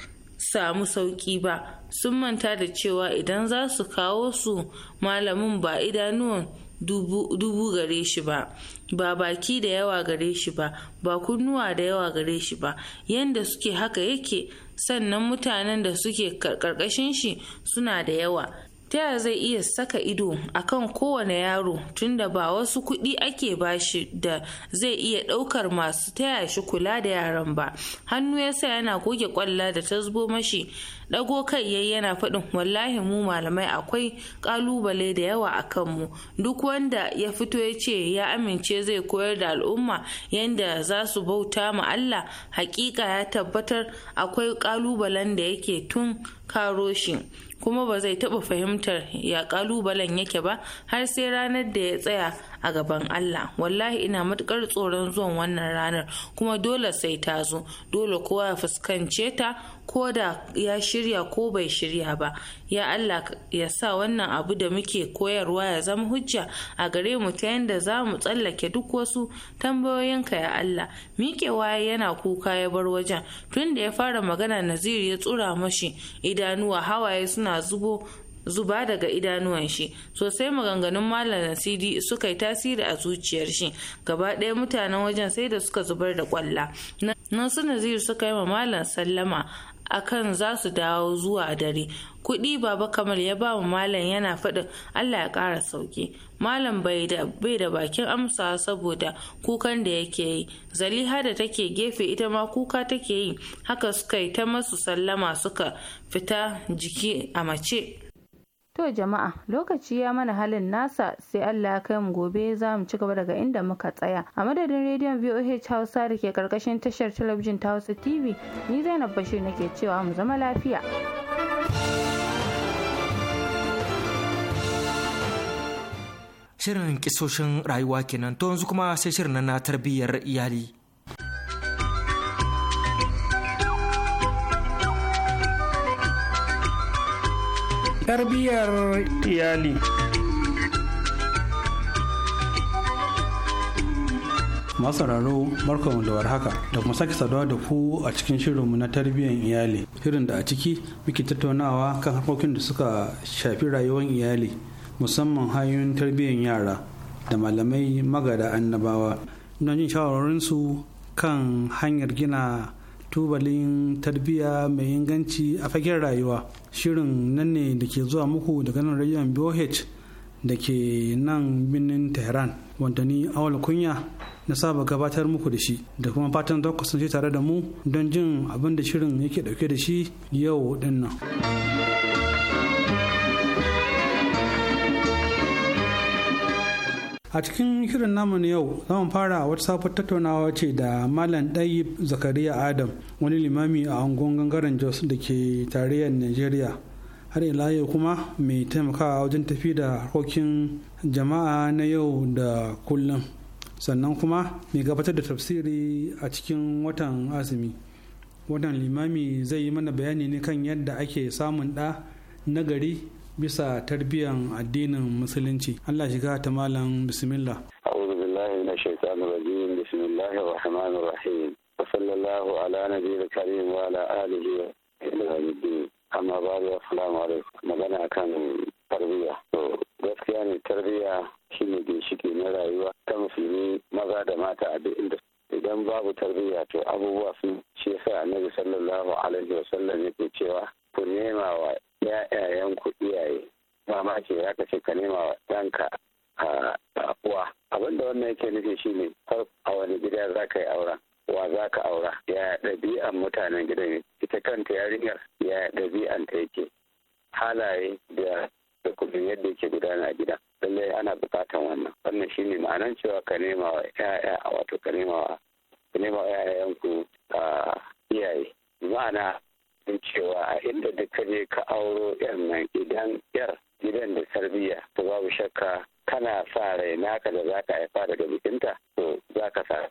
samu sauƙi ba sun manta da cewa idan za su kawo su malamin ba idanuwan dubu gare shi ba ba baki da yawa gare shi ba ba kunnuwa da yawa gare shi ba yadda suke haka yake sannan mutanen da suke karkashin shi suna da yawa ta yaya zai iya saka ido akan kowane yaro tunda ba wasu kuɗi ake bashi da zai iya ɗaukar masu taya shi kula da yaran ba hannu ya sa yana goge kwalla da ta zubo mashi ɗago kai yayi yana faɗin wallahi mu malamai akwai ƙalubale da yawa a kanmu duk wanda ya fito ya ce ya amince zai koyar da al'umma yanda za su bauta ma Allah hakika ya tabbatar akwai ƙalubalen da yake tun karo shi kuma ba zai taɓa fahimtar ya ƙalubalen yake ba har sai ranar da ya tsaya a gaban Allah wallahi ina matukar tsoron zuwan wannan ranar kuma dole sai ta zo dole kowa ya fuskance ta ko da ya shirya ko bai shirya ba ya Allah ya sa wannan abu da muke koyarwa ya zama hujja a gare mu ta yadda za mu tsallake duk wasu tambayoyinka ya Allah waye yana kuka ya bar wajen tun da ya fara magana naziri ya tsura mashi idanuwa hawaye suna zubo zuba daga idanuwan shi sosai maganganun malam nasidi suka yi tasiri a zuciyar shi gaba ɗaya mutanen wajen sai da suka zubar da kwalla nan su naziru suka yi ma malam sallama akan za su dawo zuwa dare kuɗi baba kamar ya ba wa malam yana faɗin allah ya ƙara sauki malam bai da bakin amsa saboda kukan da yake yi zaliha da take gefe ita ma kuka take yi haka suka yi ta masu sallama suka fita jiki a mace To jama'a lokaci ya mana halin nasa sai Allah ya kai mu gobe za mu ci gaba daga inda muka tsaya. A madadin rediyon VOH Hausa da ke karkashin tashar talabijin ta Hausa TV ni Zainab Bashir nake cewa mu zama lafiya. Shirin kisoshin rayuwa kenan to yanzu kuma sai shirin na tarbiyyar iyali. tarbiyyar iyali masararo barkanmu da warhaka da kuma sake saduwa da ku a cikin shirinmu na tarbiyyar iyali shirin da a ciki muke tattaunawa kan harkokin da suka shafi rayuwar iyali musamman hanyoyin tarbiyyar yara da malamai magada annabawa don jin shawararinsu kan hanyar gina tubalin tarbiyya mai inganci a fagen rayuwa shirin nan ne da ke zuwa muku daga nan rayon boh da ke nan birnin tehran wanda ni awal kunya na saba gabatar muku da shi da kuma fatan zaku ku tare da mu don jin abin da shirin yake dauke da shi yau dinnan. a cikin shirin namu na yau zamu fara wata safar tattaunawa ce da malam ɗayi zakariya adam wani limami a angon gangaren jos da ke tarayyar nigeria har ila yau kuma mai taimakawa wajen tafi da harkokin jama'a na yau da kullum sannan kuma mai gabatar da tafsiri a cikin watan azumi watan limami zai yi mana bayani ne kan yadda ake samun ɗa nagari bisa tarbiyyar addinin musulunci Allah shiga ta malam bismillah a'udhu billahi minash shaitanir rajim bismillahir rahmanir rahim wa sallallahu ala nabiyil karim wa ala alihi wa sahbihi amma ba ba'du assalamu alaikum magana kan tarbiyya to gaskiya ne tarbiyya shine ginshiki na rayuwa ta musulmi maza da mata a duk inda idan babu tarbiyya to abubuwa sun shi yasa annabi sallallahu alaihi wa sallam yake cewa ku nema wa ‘ya'yayen ku iyaye mama ce ya kace ka nema wa ɗanka a uwa abin da wannan yake nufi shine a wani gida za ka yi aura wa za ka aura ya ɗabi'an mutanen gidan ita kanta yarinyar ya ɗabi'an ta yake halaye da da yadda yake gudana a gida lallai ana bukatan wannan wannan shine ma'anan cewa ka nema wa ƴaƴa wato ka nema wa ka nema wa a iyaye ma'ana gargaɗin cewa a inda da ka je ka auro yan nan idan yar gidan da tarbiyya to babu shakka kana sa rai naka da za ka haifa daga bikinta to za ka sa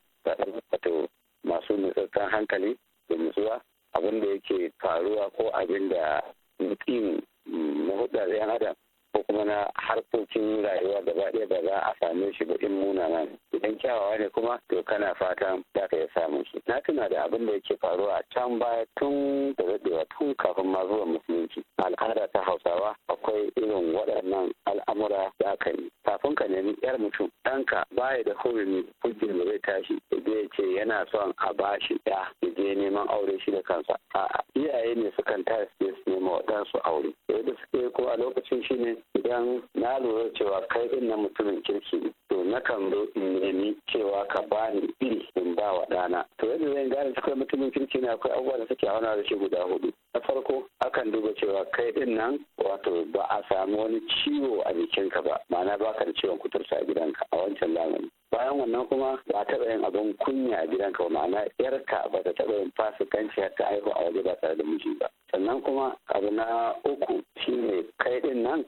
wato masu nutsatsen hankali da nutsuwa abin da yake faruwa ko abin da mutum mahudar mm, yan adam ko kuma na harkokin rayuwa gaba ɗaya ba za a same shi ba in muna nan idan kyawawa ne kuma to kana fatan za ka iya samun shi na tuna da abin da yake faruwa a can baya tun da daɗewa tun kafin ma zuwa musulunci al'ada ta hausawa akwai irin waɗannan al'amura da aka yi kafin ka nemi yar mutum ɗanka baya da hurumi hujjar da zai tashi ya ce yana son a ba bashi ya je neman aure shi da kansa a iyaye ne sukan tashi su nema waɗansu aure da suke ko a lokacin shi ne idan na lura cewa kai ɗin na mutumin kirki to na kan zo in nemi cewa ka bani iri in ba wa ɗana to yadda zan gane cikin mutumin kirki ne akwai abubuwa da suke hauna da shi guda hudu na farko akan duba cewa kai din nan wato ba a samu wani ciwo a jikinka ba ma'ana ba ka da ciwon kuturta a gidanka a wancan zamani bayan wannan kuma ba taɓa yin abin kunya a gidanka ba ma'ana yarka ba ta taɓa yin fasikanci har ta haihu a waje ba tare da miji ba sannan kuma abu na uku shine kai din nan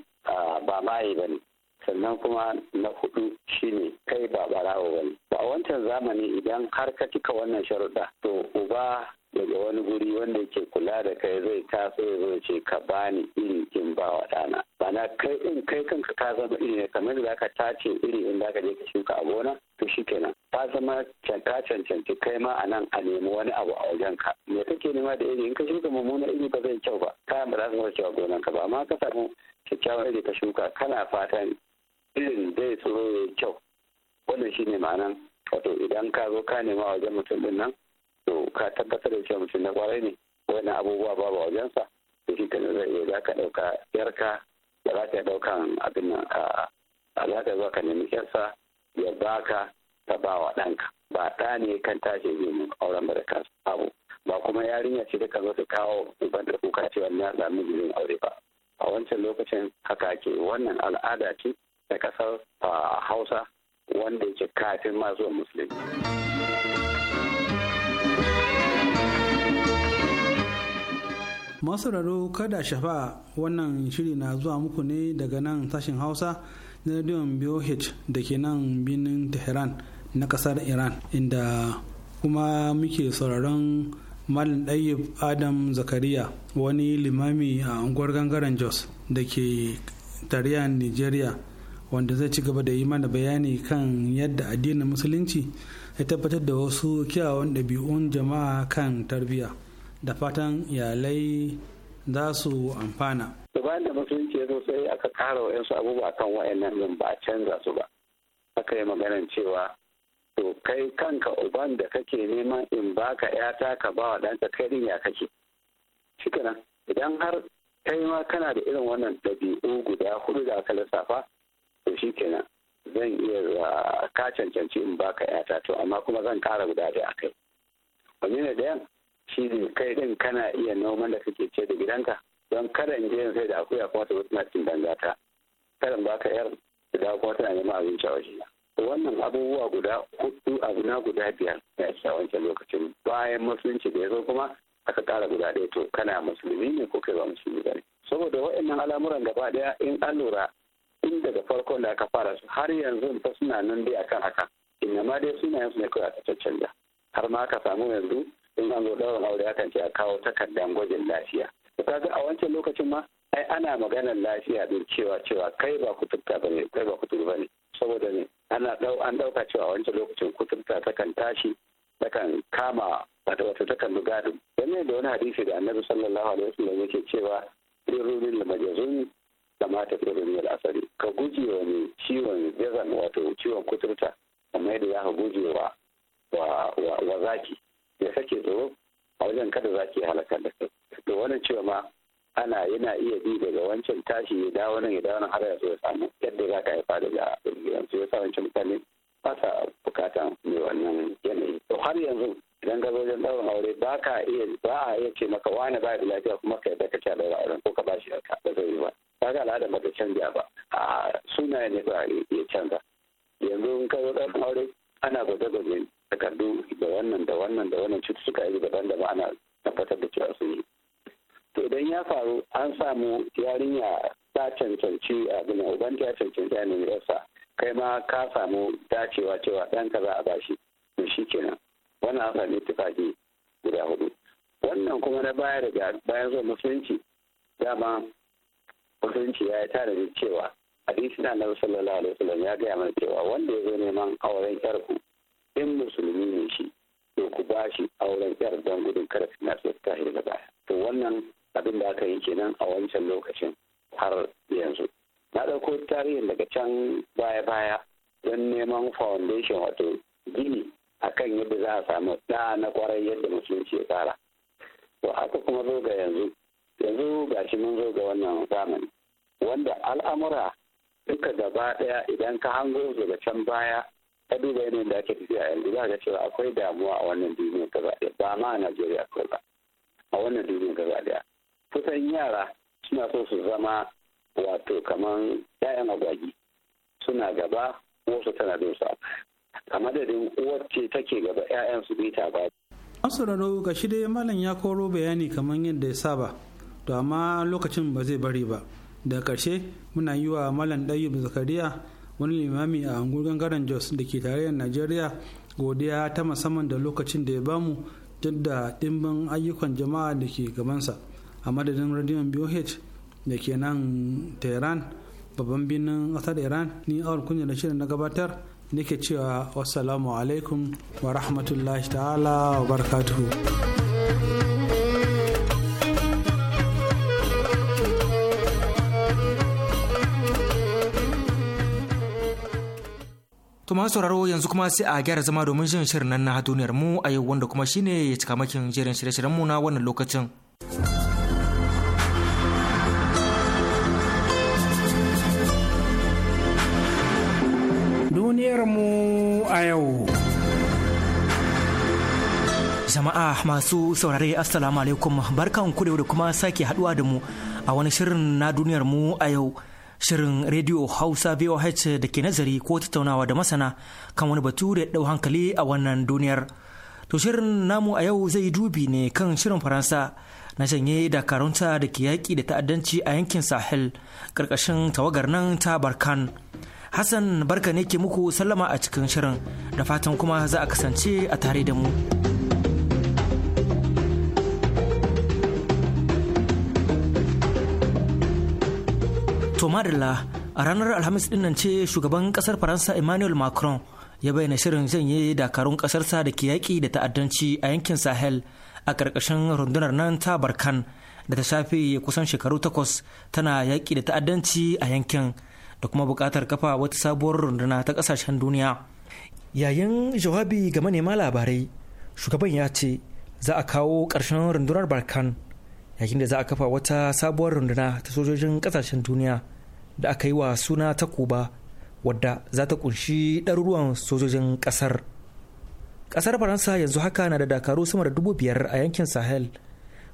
ba mayi ba ne sannan kuma na hudu shine kai ba barawo ba ne. ba a wancan zamani idan har ka cika wannan sharuɗa to uba daga wani guri wanda ke kula da kai zai taso ya zai ce ka bani iri in ba wa ɗana mana kai in kai kanka ka zama iri ne kamar da zaka tace iri in zaka je ka shuka a gona to shikenan ka zama canka cancanci kai ma a nan a nemi wani abu a wajen ka me kake nema da iri in ka shuka mummuna iri ba zai kyau ba kayan ba za su wuce a gonan ka ba amma ka samu kyakkyawan iri ka shuka kana fatan irin zai tsoro ya kyau wannan shine ma'anan wato idan ka zo ka nema wajen mutum din nan to ka tabbatar da cewa mutum na kwarai ne wani abubuwa babu wajensa da shi kan zai iya za ka ɗauka yarka da za ɗaukan abin nan a za ta zo ka nemi yarsa ya baka ta ba wa ɗanka ba ɗa ne kan tashi ne mu auren ba da kansa abu ba kuma yarinya ce da ka zo ta kawo uban da kuka cewa na sami jirin aure ba a wancan lokacin haka ke wannan al'ada ce ta ƙasar hausa wanda yake kafin ma zuwa musulunci. masu kada shafa wannan shiri na zuwa muku ne daga nan sashen hausa na radiyon boh da ke nan birnin tehran na kasar iran inda kuma muke sauraron malam ɗayyib adam zakariya wani limami a unguwar gangaren jos da ke tarayyar nigeria wanda zai ci gaba da yi mana bayani kan yadda addinin musulunci ya tabbatar da wasu kyawawan ɗabi'un jama'a kan tarbiyya da fatan iyalai za su amfana. bayan da musulunci ya zo sai aka kara wa'yansu abubuwa kan nan din ba a canza su ba. Aka yi maganar cewa to kai kanka uban da kake neman in baka yata ka ba wa ɗanka kai din ya kake. Shikenan idan har kai ma kana da irin wannan ɗabi'u guda hudu da aka lissafa to shikenan zan iya ah, ka cancanci in baka yata to amma kuma zan kara guda da akai. Wani ne da yan shi ne kai din kana iya noman da kake ce da gidanka don kada in je sai da akuya kuma ta suna cin gata. kada ba ka yar da kuma tana neman abinci a waje wannan abubuwa guda hudu abu guda biyar ya isa wancan lokacin bayan musulunci da ya zo kuma aka kara guda ɗaya to kana musulmi ne ko kai ba musulmi ba ne saboda wa'annan al'amuran gaba ɗaya in an lura tun daga farkon da aka fara su har yanzu fa suna nan dai akan haka inna ma dai sunayen su ne kawai aka cancanta har ma aka samu yanzu in an zo ɗaurin aure akan ce a kawo takardar gwajin lafiya ka kaga a wancan lokacin ma ai ana maganar lafiya din cewa cewa kai ba kutubta ba ne kai ba ba ne saboda ne ana an ɗauka cewa a wancan lokacin kuturta takan tashi takan kama wata wata takan buga duk dan da wani hadisi da annabi sallallahu alaihi wasallam yake cewa irin da majazun kamata da yadda asali ka guje wa ne ciwon zazan wato ciwon kuturta amma yadda ya ka guje wa wa zaki ya sake tsoro a wajen kada za ke halakar da kai to wannan cewa ma ana yana iya bi daga wancan tashi ya dawo nan ya dawo nan har ya zo ya samu yadda za ka haifa daga gidan su ya sa wancan mutane ba sa bukatan mai wannan yanayi to har yanzu idan ka zo wajen ɗaurin aure ba ka iya ba a iya ce maka wani ba da lafiya kuma ka yadda ka ci a auren ko ka ba shi yarka ba zai yi ba ba ka al'ada ba ta canja ba a sunaye ne ba iya canza yanzu in ka zo ɗaurin aure ana gwaje-gwaje takardu da wannan da wannan da wannan cututtuka iri daban daban ana tabbatar da cewa sun yi to idan ya faru an samu yarinya ta cancanci gina uban ta cancanci a yarsa kai ma ka samu dacewa cewa ka za a bashi to shi kenan wannan an sami tufafi guda hudu wannan kuma na baya daga bayan zuwa musulunci dama musulunci ya yi da cewa hadisi na nabi sallallahu alaihi wasallam ya gaya mana cewa wanda ya zo neman auren yarku in musulmi ne shi to ku ba shi auren yar don gudun kada na su tashi daga baya to wannan abin da aka yi kenan a wancan lokacin har yanzu na ɗauko tarihin daga can baya-baya don neman foundation wato gini akan yadda za a samu ɗa na kwarai yadda musulunci ya tsara to haka kuma zo ga yanzu yanzu ga shi mun zo ga wannan zamani wanda al'amura duka gaba ɗaya idan ka hango daga can baya duba yanayin da ake tafiya yanzu za ga cewa akwai damuwa a wannan duniyar gaba ba ma a najeriya kawai ba a wannan duniyar gaba daya kusan yara suna so su zama wato kamar ƴaƴan agwagi suna gaba wasu tana dosa a madadin wacce take gaba 'ya'yan su bita ba an sauraro ga shi dai malam ya koro bayani kamar yadda ya saba to amma lokacin ba zai bari ba da ƙarshe muna yi wa malam ɗayyub zakariya wani limami a angulgan garin jos da ke tarayyar najeriya godiya ta musamman da lokacin da ya bamu duk da ɗimbin ayyukan jama'a da ke gabansa a madadin radiyon boh da ke nan tehran babban birnin ƙasar iran ni awar kunya da shirin na gabatar nake cewa wassalamu alaikum wa rahmatullahi ta'ala wa barakatuhu To ma sauraro yanzu kuma sai a gyara zama domin jin shirin nan na duniyar mu a yau wanda kuma shine ya cika makin jerin shirye-shiryen mu na wannan lokacin. Duniyar mu a yau. Jama'a masu saurare Assalamu alaikum barkan ku da kuma sake haduwa da mu a wani shirin na duniyar mu a yau. shirin rediyo hausa voh da ke nazari ko tattaunawa da masana kan wani batu da ɗau hankali a wannan duniyar to shirin namu a yau zai dubi ne kan shirin faransa na shanye karunta da ke yaƙi da ta'addanci a yankin sahel ƙarƙashin tawagar nan ta barkan hassan barka ne ke muku sallama a cikin shirin da fatan kuma za a kasance a tare da mu. madalla a ranar alhamis dinnan ce shugaban kasar faransa emmanuel macron ya bayyana shirin janye dakarun kasarsa da ke yaƙi da ta'addanci a yankin sahel a ƙarƙashin rundunar nan ta barkan da ta shafe kusan shekaru takwas tana yaƙi da ta'addanci a yankin da kuma buƙatar kafa wata sabuwar runduna ta ƙasashen duniya yayin jawabi ga manema labarai shugaban ya ce za a kawo ƙarshen rundunar barkan yayin da za a kafa wata sabuwar runduna ta sojojin ƙasashen duniya da aka yi wa suna ta kuba wadda za ta kunshi ɗaruruwan sojojin ƙasar ƙasar faransa yanzu haka na da dakaru sama da dubu biyar a yankin sahel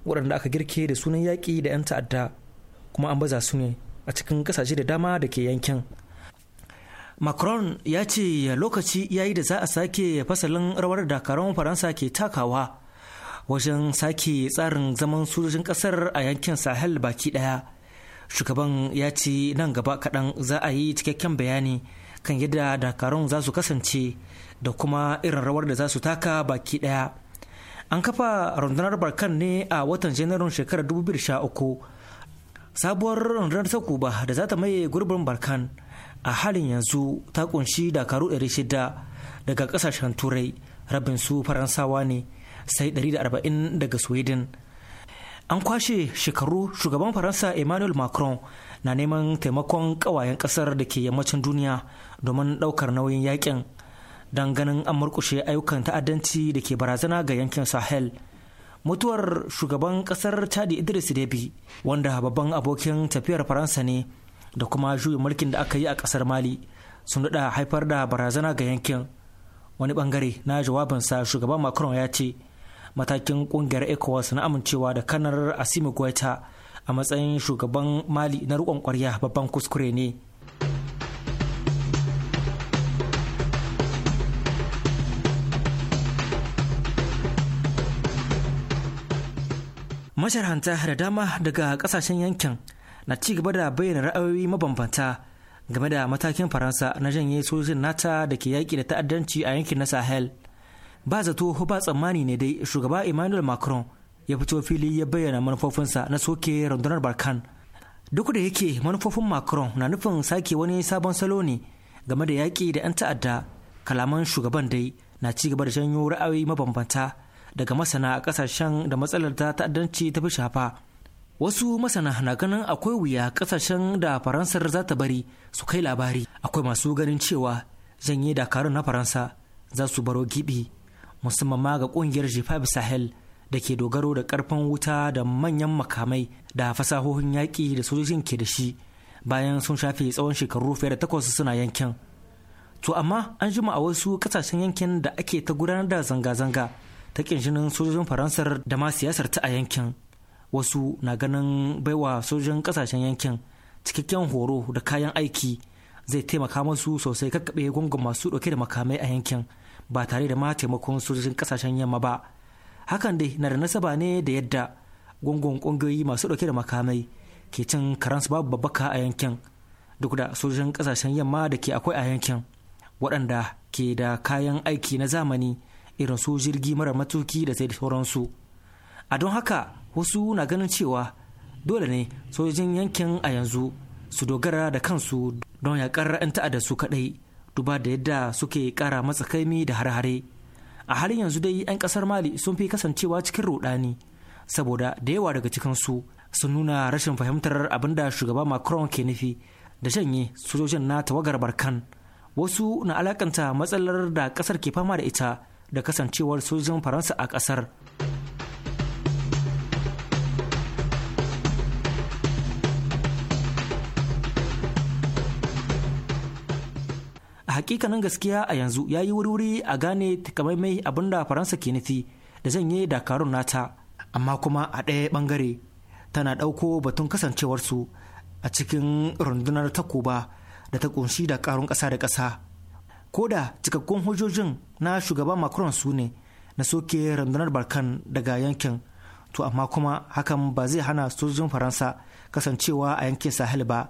waɗanda aka girke da sunan yaƙi da 'yan ta'adda kuma an baza su ne a cikin ƙasashe da dama da ke yankin macron ya ce lokaci ya yi da za a sake fasalin rawar dakarun faransa ke takawa wajen sake tsarin zaman sojojin ƙasar a yankin sahel baki ɗaya shugaban ya ce nan gaba kaɗan za a yi cikakken bayani kan yadda dakarun za su kasance da kuma irin rawar da za su taka baki ɗaya an kafa rundunar barkan ne a watan janairun shekarar 2013 sabuwar rundunar takuba da za ta maye gurbin barkan a halin yanzu ta kunshi dakaru 600 daga kasashen turai rabin su faransawa ne sai 140 daga sweden an kwashe shekaru shugaban faransa emmanuel macron na neman taimakon kawayen kasar da ke yammacin duniya domin daukar nauyin yakin don ganin an murkushe ayyukan ta'addanci da ke barazana ga yankin sahel mutuwar shugaban kasar chadi idris debi wanda babban abokin tafiyar faransa ne da kuma juyin mulkin da aka yi a kasar mali sun daɗa haifar da barazana ga yankin wani bangare na jawabinsa shugaban macron ya ce matakin kungiyar ecowas na amincewa da kanar asimi goita a matsayin shugaban mali na rikon kwarya babban kuskure ne masharhanta da dama daga kasashen yankin na ci gaba da bayyana ra'ayoyi mabambanta game da matakin faransa na janye sojin nata da ke yaƙi da ta'addanci a yankin na sahel ba zato ba tsammani ne dai shugaba emmanuel macron ya fito fili ya bayyana manufofinsa na soke rundunar balkan. duk da yake manufofin macron na nufin sake wani sabon salo ne game da yaƙi da 'yan ta'adda kalaman shugaban dai na ci gaba da janyo ra'ayi mabambanta daga masana a ƙasashen da matsalar ta ta'addanci ta fi shafa wasu masana na ganin akwai wuya ƙasashen da faransar za ta bari su kai labari akwai masu ganin cewa janye dakarun na faransa za su baro gibi musamman ma ga kungiyar jifaf Sahel da ke dogaro da karfin wuta da manyan makamai da fasahohin yaƙi da sojojin ke da shi bayan sun shafe tsawon shekaru fiye da takwas suna yankin. To amma an jima a wasu kasashen yankin da ake ta gudanar da zanga-zanga ta kinshinin sojojin Faransar da ma siyasar ta a yankin. Wasu na ganin baiwa sojojin kasashen yankin cikakken horo da kayan aiki zai taimaka masu sosai kakkaɓe gungun masu ɗauke da makamai a yankin. ba tare da ma taimakon sojojin kasashen yamma ba hakan dai na da nasaba ne da yadda gungun kungiyoyi masu dauke da makamai ke cin karansu babu babbaka a yankin duk da sojojin kasashen yamma da ke akwai a yankin waɗanda ke da kayan aiki na zamani irin su jirgi mara matuki da sai sauransu a don haka wasu na ganin cewa dole ne sojojin yankin a yanzu su dogara da kansu don yakar 'yan ta'adda su kaɗai duba da yadda suke kara kaimi da har-hare a halin yanzu dai 'yan kasar mali sun fi kasancewa cikin rudani saboda da yawa daga cikinsu sun nuna rashin fahimtar abin da shugaba macron ke nufi da shanye sojojin na tawagar barkan wasu na alakanta matsalar da kasar ke fama da ita da kasancewar sojojin faransa a kasar hakikanin gaskiya a yanzu ya yi wuri-wuri a gane takamaimai da faransa ke nufi da zan yi dakarun nata amma kuma a ɗaya ɓangare tana ɗauko batun kasancewarsu a cikin rundunar takoba da ta ƙunshi dakarun ƙasa da ƙasa ko da cikakkun hujjojin na shugaba macron su ne na soke rundunar barkan daga yankin to amma kuma hakan ba zai hana sojojin faransa kasancewa a yankin sahel ba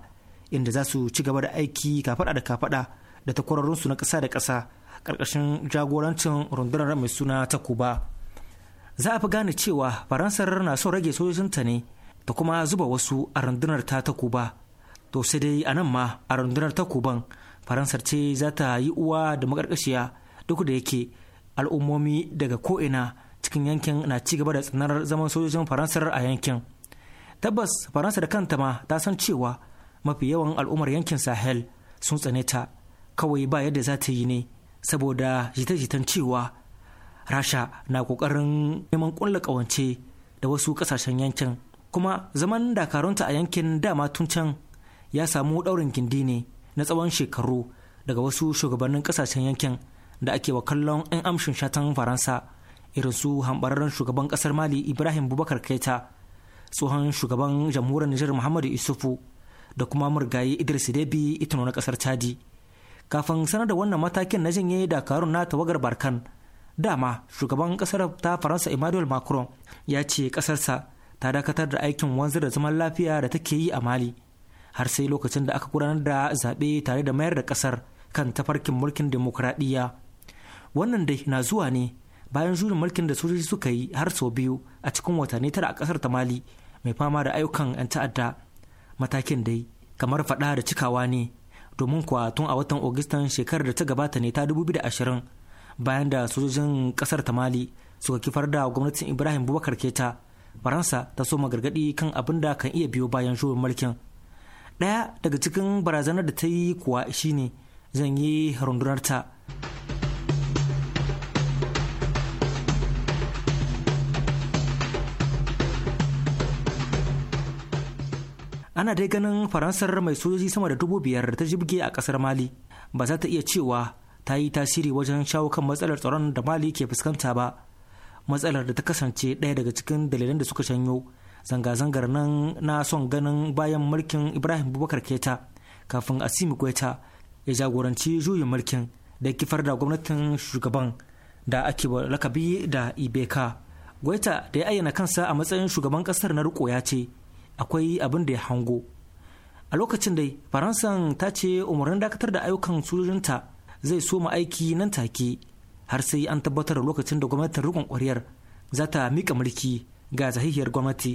inda za su ci gaba da aiki kafada da kafada. da takwararrunsu na ƙasa da ƙasa ƙarƙashin jagorancin rundunar mai suna ta kuba za a fi gane cewa faransar na son rage sojojinta ne da kuma zuba wasu a rundunar ta ta kuba to sai dai a nan ma a rundunar ta kuban faransar ce za ta yi uwa da makarkashiya duk da yake al'ummomi daga ko'ina cikin yankin na ci gaba da tsanar zaman sojojin faransar a yankin tabbas faransa da kanta ma ta san cewa mafi yawan al'ummar yankin sahel sun tsane ta kawai ba yadda za ta yi ne saboda jita-jitan cewa rasha na kokarin neman kulla kawance da wasu kasashen yankin kuma zaman dakarunta a yankin dama tun can ya samu daurin gindi ne na tsawon shekaru daga wasu shugabannin kasashen yankin da ake wa kallon 'yan amshin shatan faransa irin su hambararren shugaban kasar mali ibrahim bubakar keta tsohon shugaban jamhuriyar nijar muhammadu isufu da kuma murgaye idris debi itino na kasar chadi kafin sanar da wannan matakin na janye dakarun na tawagar barkan dama shugaban kasar ta faransa emmanuel macron ya ce kasarsa ta dakatar da aikin wanzar da zaman lafiya da take yi a mali har sai lokacin da aka gudanar da zaɓe tare da mayar da kasar kan tafarkin mulkin demokradiyya wannan dai na zuwa ne bayan jurin mulkin da sojoji suka yi har sau biyu a cikin watanni tara a kasar ta mali mai fama da ayyukan 'yan ta'adda matakin dai kamar faɗa da cikawa ne domin kuwa tun a watan Agustan shekarar da ta gabata ne ta da ashirin bayan da sojojin kasar ta Mali suka kifar da gwamnatin Ibrahim Bubakar Keta Faransa ta soma gargadi kan abin da kan iya biyo bayan shugaban mulkin. Ɗaya daga cikin barazanar da ta yi kuwa shine zan yi rundunar ta. ana dai ganin faransar mai sojoji sama da dubu biyar da ta jibge a kasar mali ba za ta iya cewa ta yi tasiri wajen shawo kan matsalar tsaron da mali ke fuskanta ba matsalar da ta kasance ɗaya daga cikin dalilan da suka shanyo zanga-zangar nan na son ganin bayan mulkin ibrahim bubakar keta kafin asimi gweta ya jagoranci juyin mulkin da kifar da gwamnatin shugaban da ake lakabi da ibeka gwaita da ya ayyana kansa a matsayin shugaban kasar na riko ya ce akwai abin da ya hango a lokacin dai faransan ta ce umarnin dakatar da ayyukan sojojinta zai so soma aiki nan take har sai an tabbatar da lokacin da gwamnatin rikon kwaryar za ta mika mulki ga zahihiyar gwamnati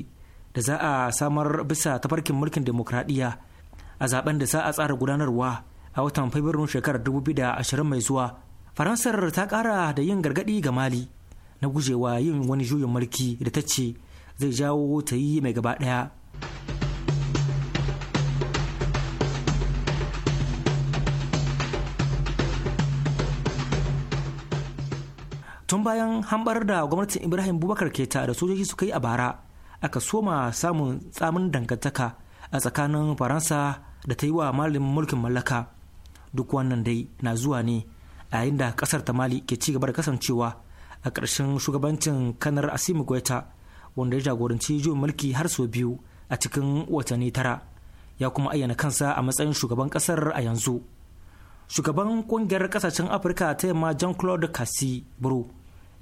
da za a samar bisa tafarkin mulkin demokradiyya a zaben da za a tsara gudanarwa a watan fabrairun shekarar 2020 mai zuwa faransar ta kara da yin gargadi ga mali na gujewa yin wani juyin mulki da ta ce zai jawo ta yi mai gaba daya tun bayan hambar da gwamnatin ibrahim bubakar keta da sojoji suka yi a bara aka soma samun tsamin dangantaka a tsakanin faransa da ta yi wa malin mulkin mallaka duk wannan dai na zuwa ne a yayin da kasar ta mali ke ci gaba da kasancewa a ƙarshen shugabancin kanar asimi goita wanda ya jagoranci juyin mulki har sau biyu a cikin watanni tara ya kuma ayyana kansa a matsayin shugaban kasar a yanzu shugaban kungiyar kasashen afirka ta yamma jean claude kasi bro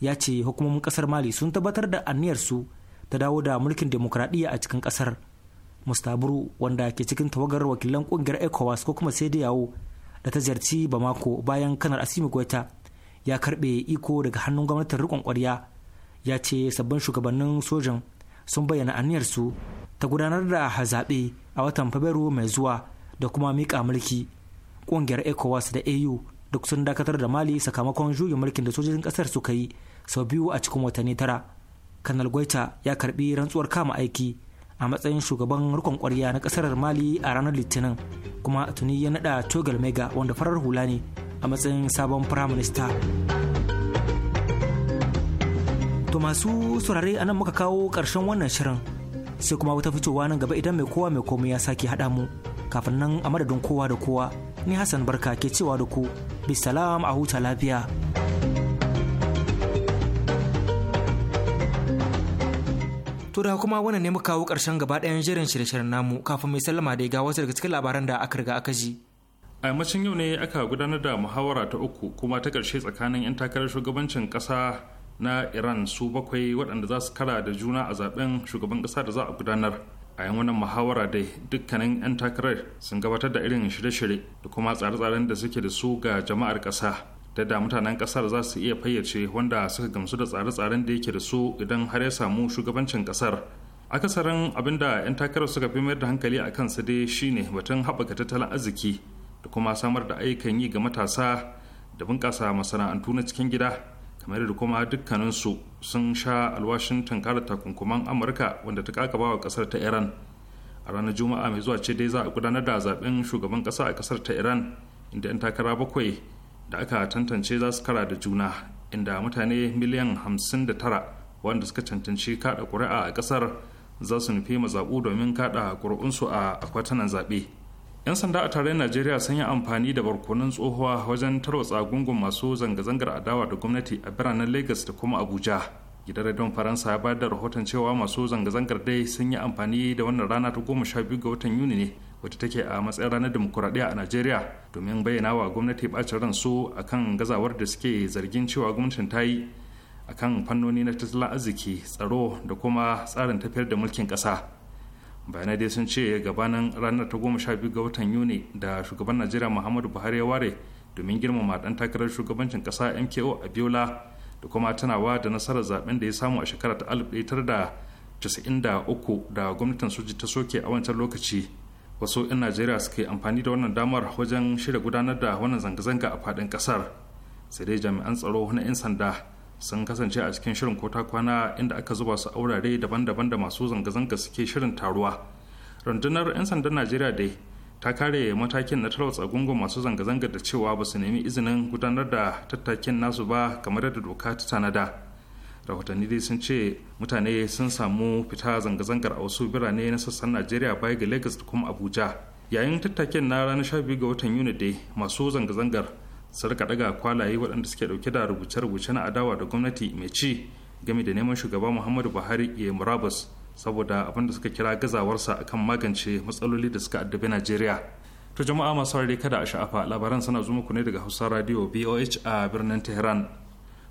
ya ce hukumomin kasar mali sun tabbatar da aniyarsu ta dawo da mulkin demokradiyya a cikin kasar mustaburu wanda ke cikin tawagar wakilan kungiyar ecowas ko kuma sai da yawo da ta ziyarci bamako bayan kanar asimi goita ya karbe iko daga hannun gwamnatin rikon kwarya ya ce sabbin shugabannin sojan sun bayyana aniyarsu ta gudanar da zaɓe a watan fabrairu mai zuwa da kuma mika mulki ƙungiyar ecowas da au duk sun dakatar da mali sakamakon juyin mulkin da sojojin ƙasar suka yi sau biyu a cikin watanni tara kanal goita ya karbi rantsuwar kama aiki a matsayin shugaban rukun kwarya na ƙasar mali a ranar litinin kuma tuni ya naɗa togal mega wanda farar hula ne a matsayin sabon firaminista to masu saurare a nan muka kawo ƙarshen wannan shirin sai kuma wata fitowa nan gaba idan mai kowa mai komai ya sake haɗa mu kafin nan a madadin kowa da kowa ni hassan barka ke cewa da ku bisalam a huta lafiya To da kuma wannan ne muka kawo ƙarshen gaba ɗayan jerin shirye-shiryen namu kafin mai sallama da ga wasu daga cikin labaran da aka riga aka ji. a yammacin yau ne aka gudanar da muhawara ta uku kuma ta ƙarshe tsakanin 'yan takarar shugabancin ƙasa na iran su bakwai waɗanda za su kara da juna a zaben shugaban ƙasa da za a gudanar a yan wannan muhawara dai dukkanin 'yan takarar sun gabatar da irin shirye-shirye da kuma tsare-tsaren da suke da su ga jama'ar ƙasa da da mutanen ƙasar za su iya fayyace wanda suka gamsu da tsare-tsaren da yake da su idan har ya samu shugabancin ƙasar akasarin da 'yan takarar suka fi mayar da hankali a kansa dai shine batun haɓaka tattalin arziki da kuma samar da ayyukan yi ga matasa da bunƙasa masana'antu na cikin gida kamar da kuma dukkaninsu sun sha alwashin tankarar takunkuman amurka wanda ta kaka bawa kasar ta iran a ranar juma'a mai zuwa ce dai za a gudanar da zaben shugaban kasa a kasar ta iran inda 'yan takara bakwai da aka tantance za su kara da juna inda mutane miliyan hamsin da tara wanda suka cancanci kada ƙuri'a a kasar za su nufi mazaɓu domin kada ƙuri'unsu a akwatunan zaɓe 'yan sanda a tarayyar najeriya sun yi amfani da barkonan tsohuwa wajen tarwatsa gungun masu zanga-zangar adawa da gwamnati a biranen lagos da kuma abuja gidan radon faransa ya bayar da rahoton cewa masu zanga-zangar dai sun yi amfani da wannan rana ta goma sha biyu ga watan yuni ne wacce take a matsayin ranar demokuraɗiyya a najeriya domin bayyana wa gwamnati ɓacin ran su akan gazawar da suke zargin cewa gwamnatin ta yi akan fannoni na tattalin arziki tsaro da kuma tsarin tafiyar da mulkin ƙasa bayanai dai sun ce gabanin ranar ta goma sha biyu ga watan yuni da shugaban najeriya muhammadu buhari ya ware domin girmama dan takarar shugabancin kasa mko abiola da kuma tunawa da nasarar zaben da ya samu a shekara ta 1993 da da gwamnatin soji ta soke a wancan lokaci wasu 'yan najeriya suke amfani da wannan damar wajen shirya gudanar da wannan zanga-zanga a faɗin kasar sai dai jami'an tsaro na 'yan sanda sun kasance a cikin shirin kota kwana inda aka zuba su aurare daban-daban da masu zanga-zanga suke shirin taruwa rundunar 'yan sandan najeriya dai ta kare matakin na a gungun masu zanga-zanga da cewa ba su nemi izinin gudanar da tattakin nasu ba kamar yadda doka ta tanada rahotanni dai sun ce mutane sun samu fita zanga-zangar a wasu birane na sassan najeriya baya ga lagos da kuma abuja yayin tattakin na ranar 12 ga watan yuni dai masu zanga-zangar sarka ɗaga daga kwalaye waɗanda suke ɗauke da rubuce-rubuce na adawa da gwamnati mai ci game da neman shugaba muhammadu buhari ya murabus saboda abin da suka kira gazawarsa akan magance matsaloli da suka addabi najeriya to jama'a masu saurare kada a sha'afa labaran suna zuma ku ne daga hausa radio boh a birnin tehran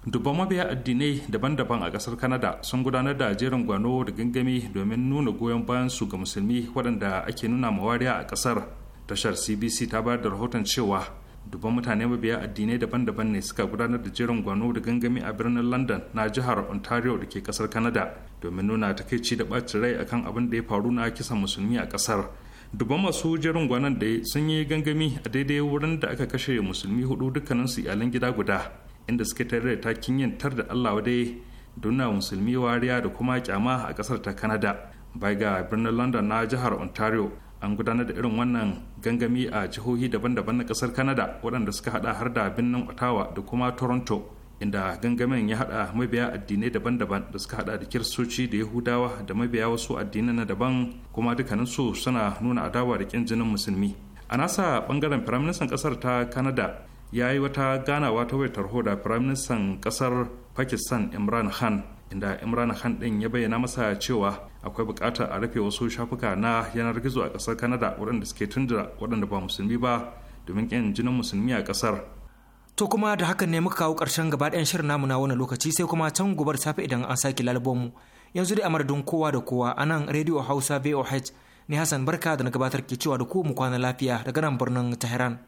dubban mabiya addinai daban-daban a kasar kanada sun gudanar da jerin gwano da gangami domin nuna goyon bayan su ga musulmi waɗanda ake nuna mawariya a kasar tashar cbc ta bayar da rahoton cewa dubban mutane mabiya addinai daban-daban ne suka gudanar da jerin gwano da gangami a birnin london na jihar ontario da ke kasar canada domin nuna takaici da bacin rai akan abin da ya faru na kisan musulmi a kasar dubban masu jerin gwanon da sun yi gangami a daidai wurin da aka kashe musulmi hudu dukkaninsu iyalan gida guda inda suke tare da takin yin tar da allah wadai duna musulmi wariya da kuma kyama a kasar ta canada bai ga birnin london na jihar ontario an gudanar da irin wannan gangami a jihohi daban-daban na kasar canada waɗanda suka hada har da birnin ottawa da kuma toronto inda gangamin ya hada mabiya addinai daban-daban da suka hada da kiristoci da yahudawa da mabiya wasu addinai na daban kuma dukkaninsu suna nuna adawa da kin jinin musulmi a nasa bangaren firaministan kasar ta canada ya yi wata ganawa ta wayar tarho da firaministan kasar pakistan imran khan inda imran khan din ya bayyana masa cewa akwai buƙatar a rufe wasu shafuka na yanar gizo a kasar kanada waɗanda suke tunda waɗanda ba musulmi ba domin ƙin jinin musulmi a ƙasar to kuma da hakan ne muka kawo ƙarshen gaba ɗayan shirin namu na wani lokaci sai kuma can gobar safe idan an sake mu yanzu dai a kowa da kowa a nan rediyo hausa voh ne hassan barka da na gabatar ke cewa da ku mu kwana lafiya daga nan birnin tehran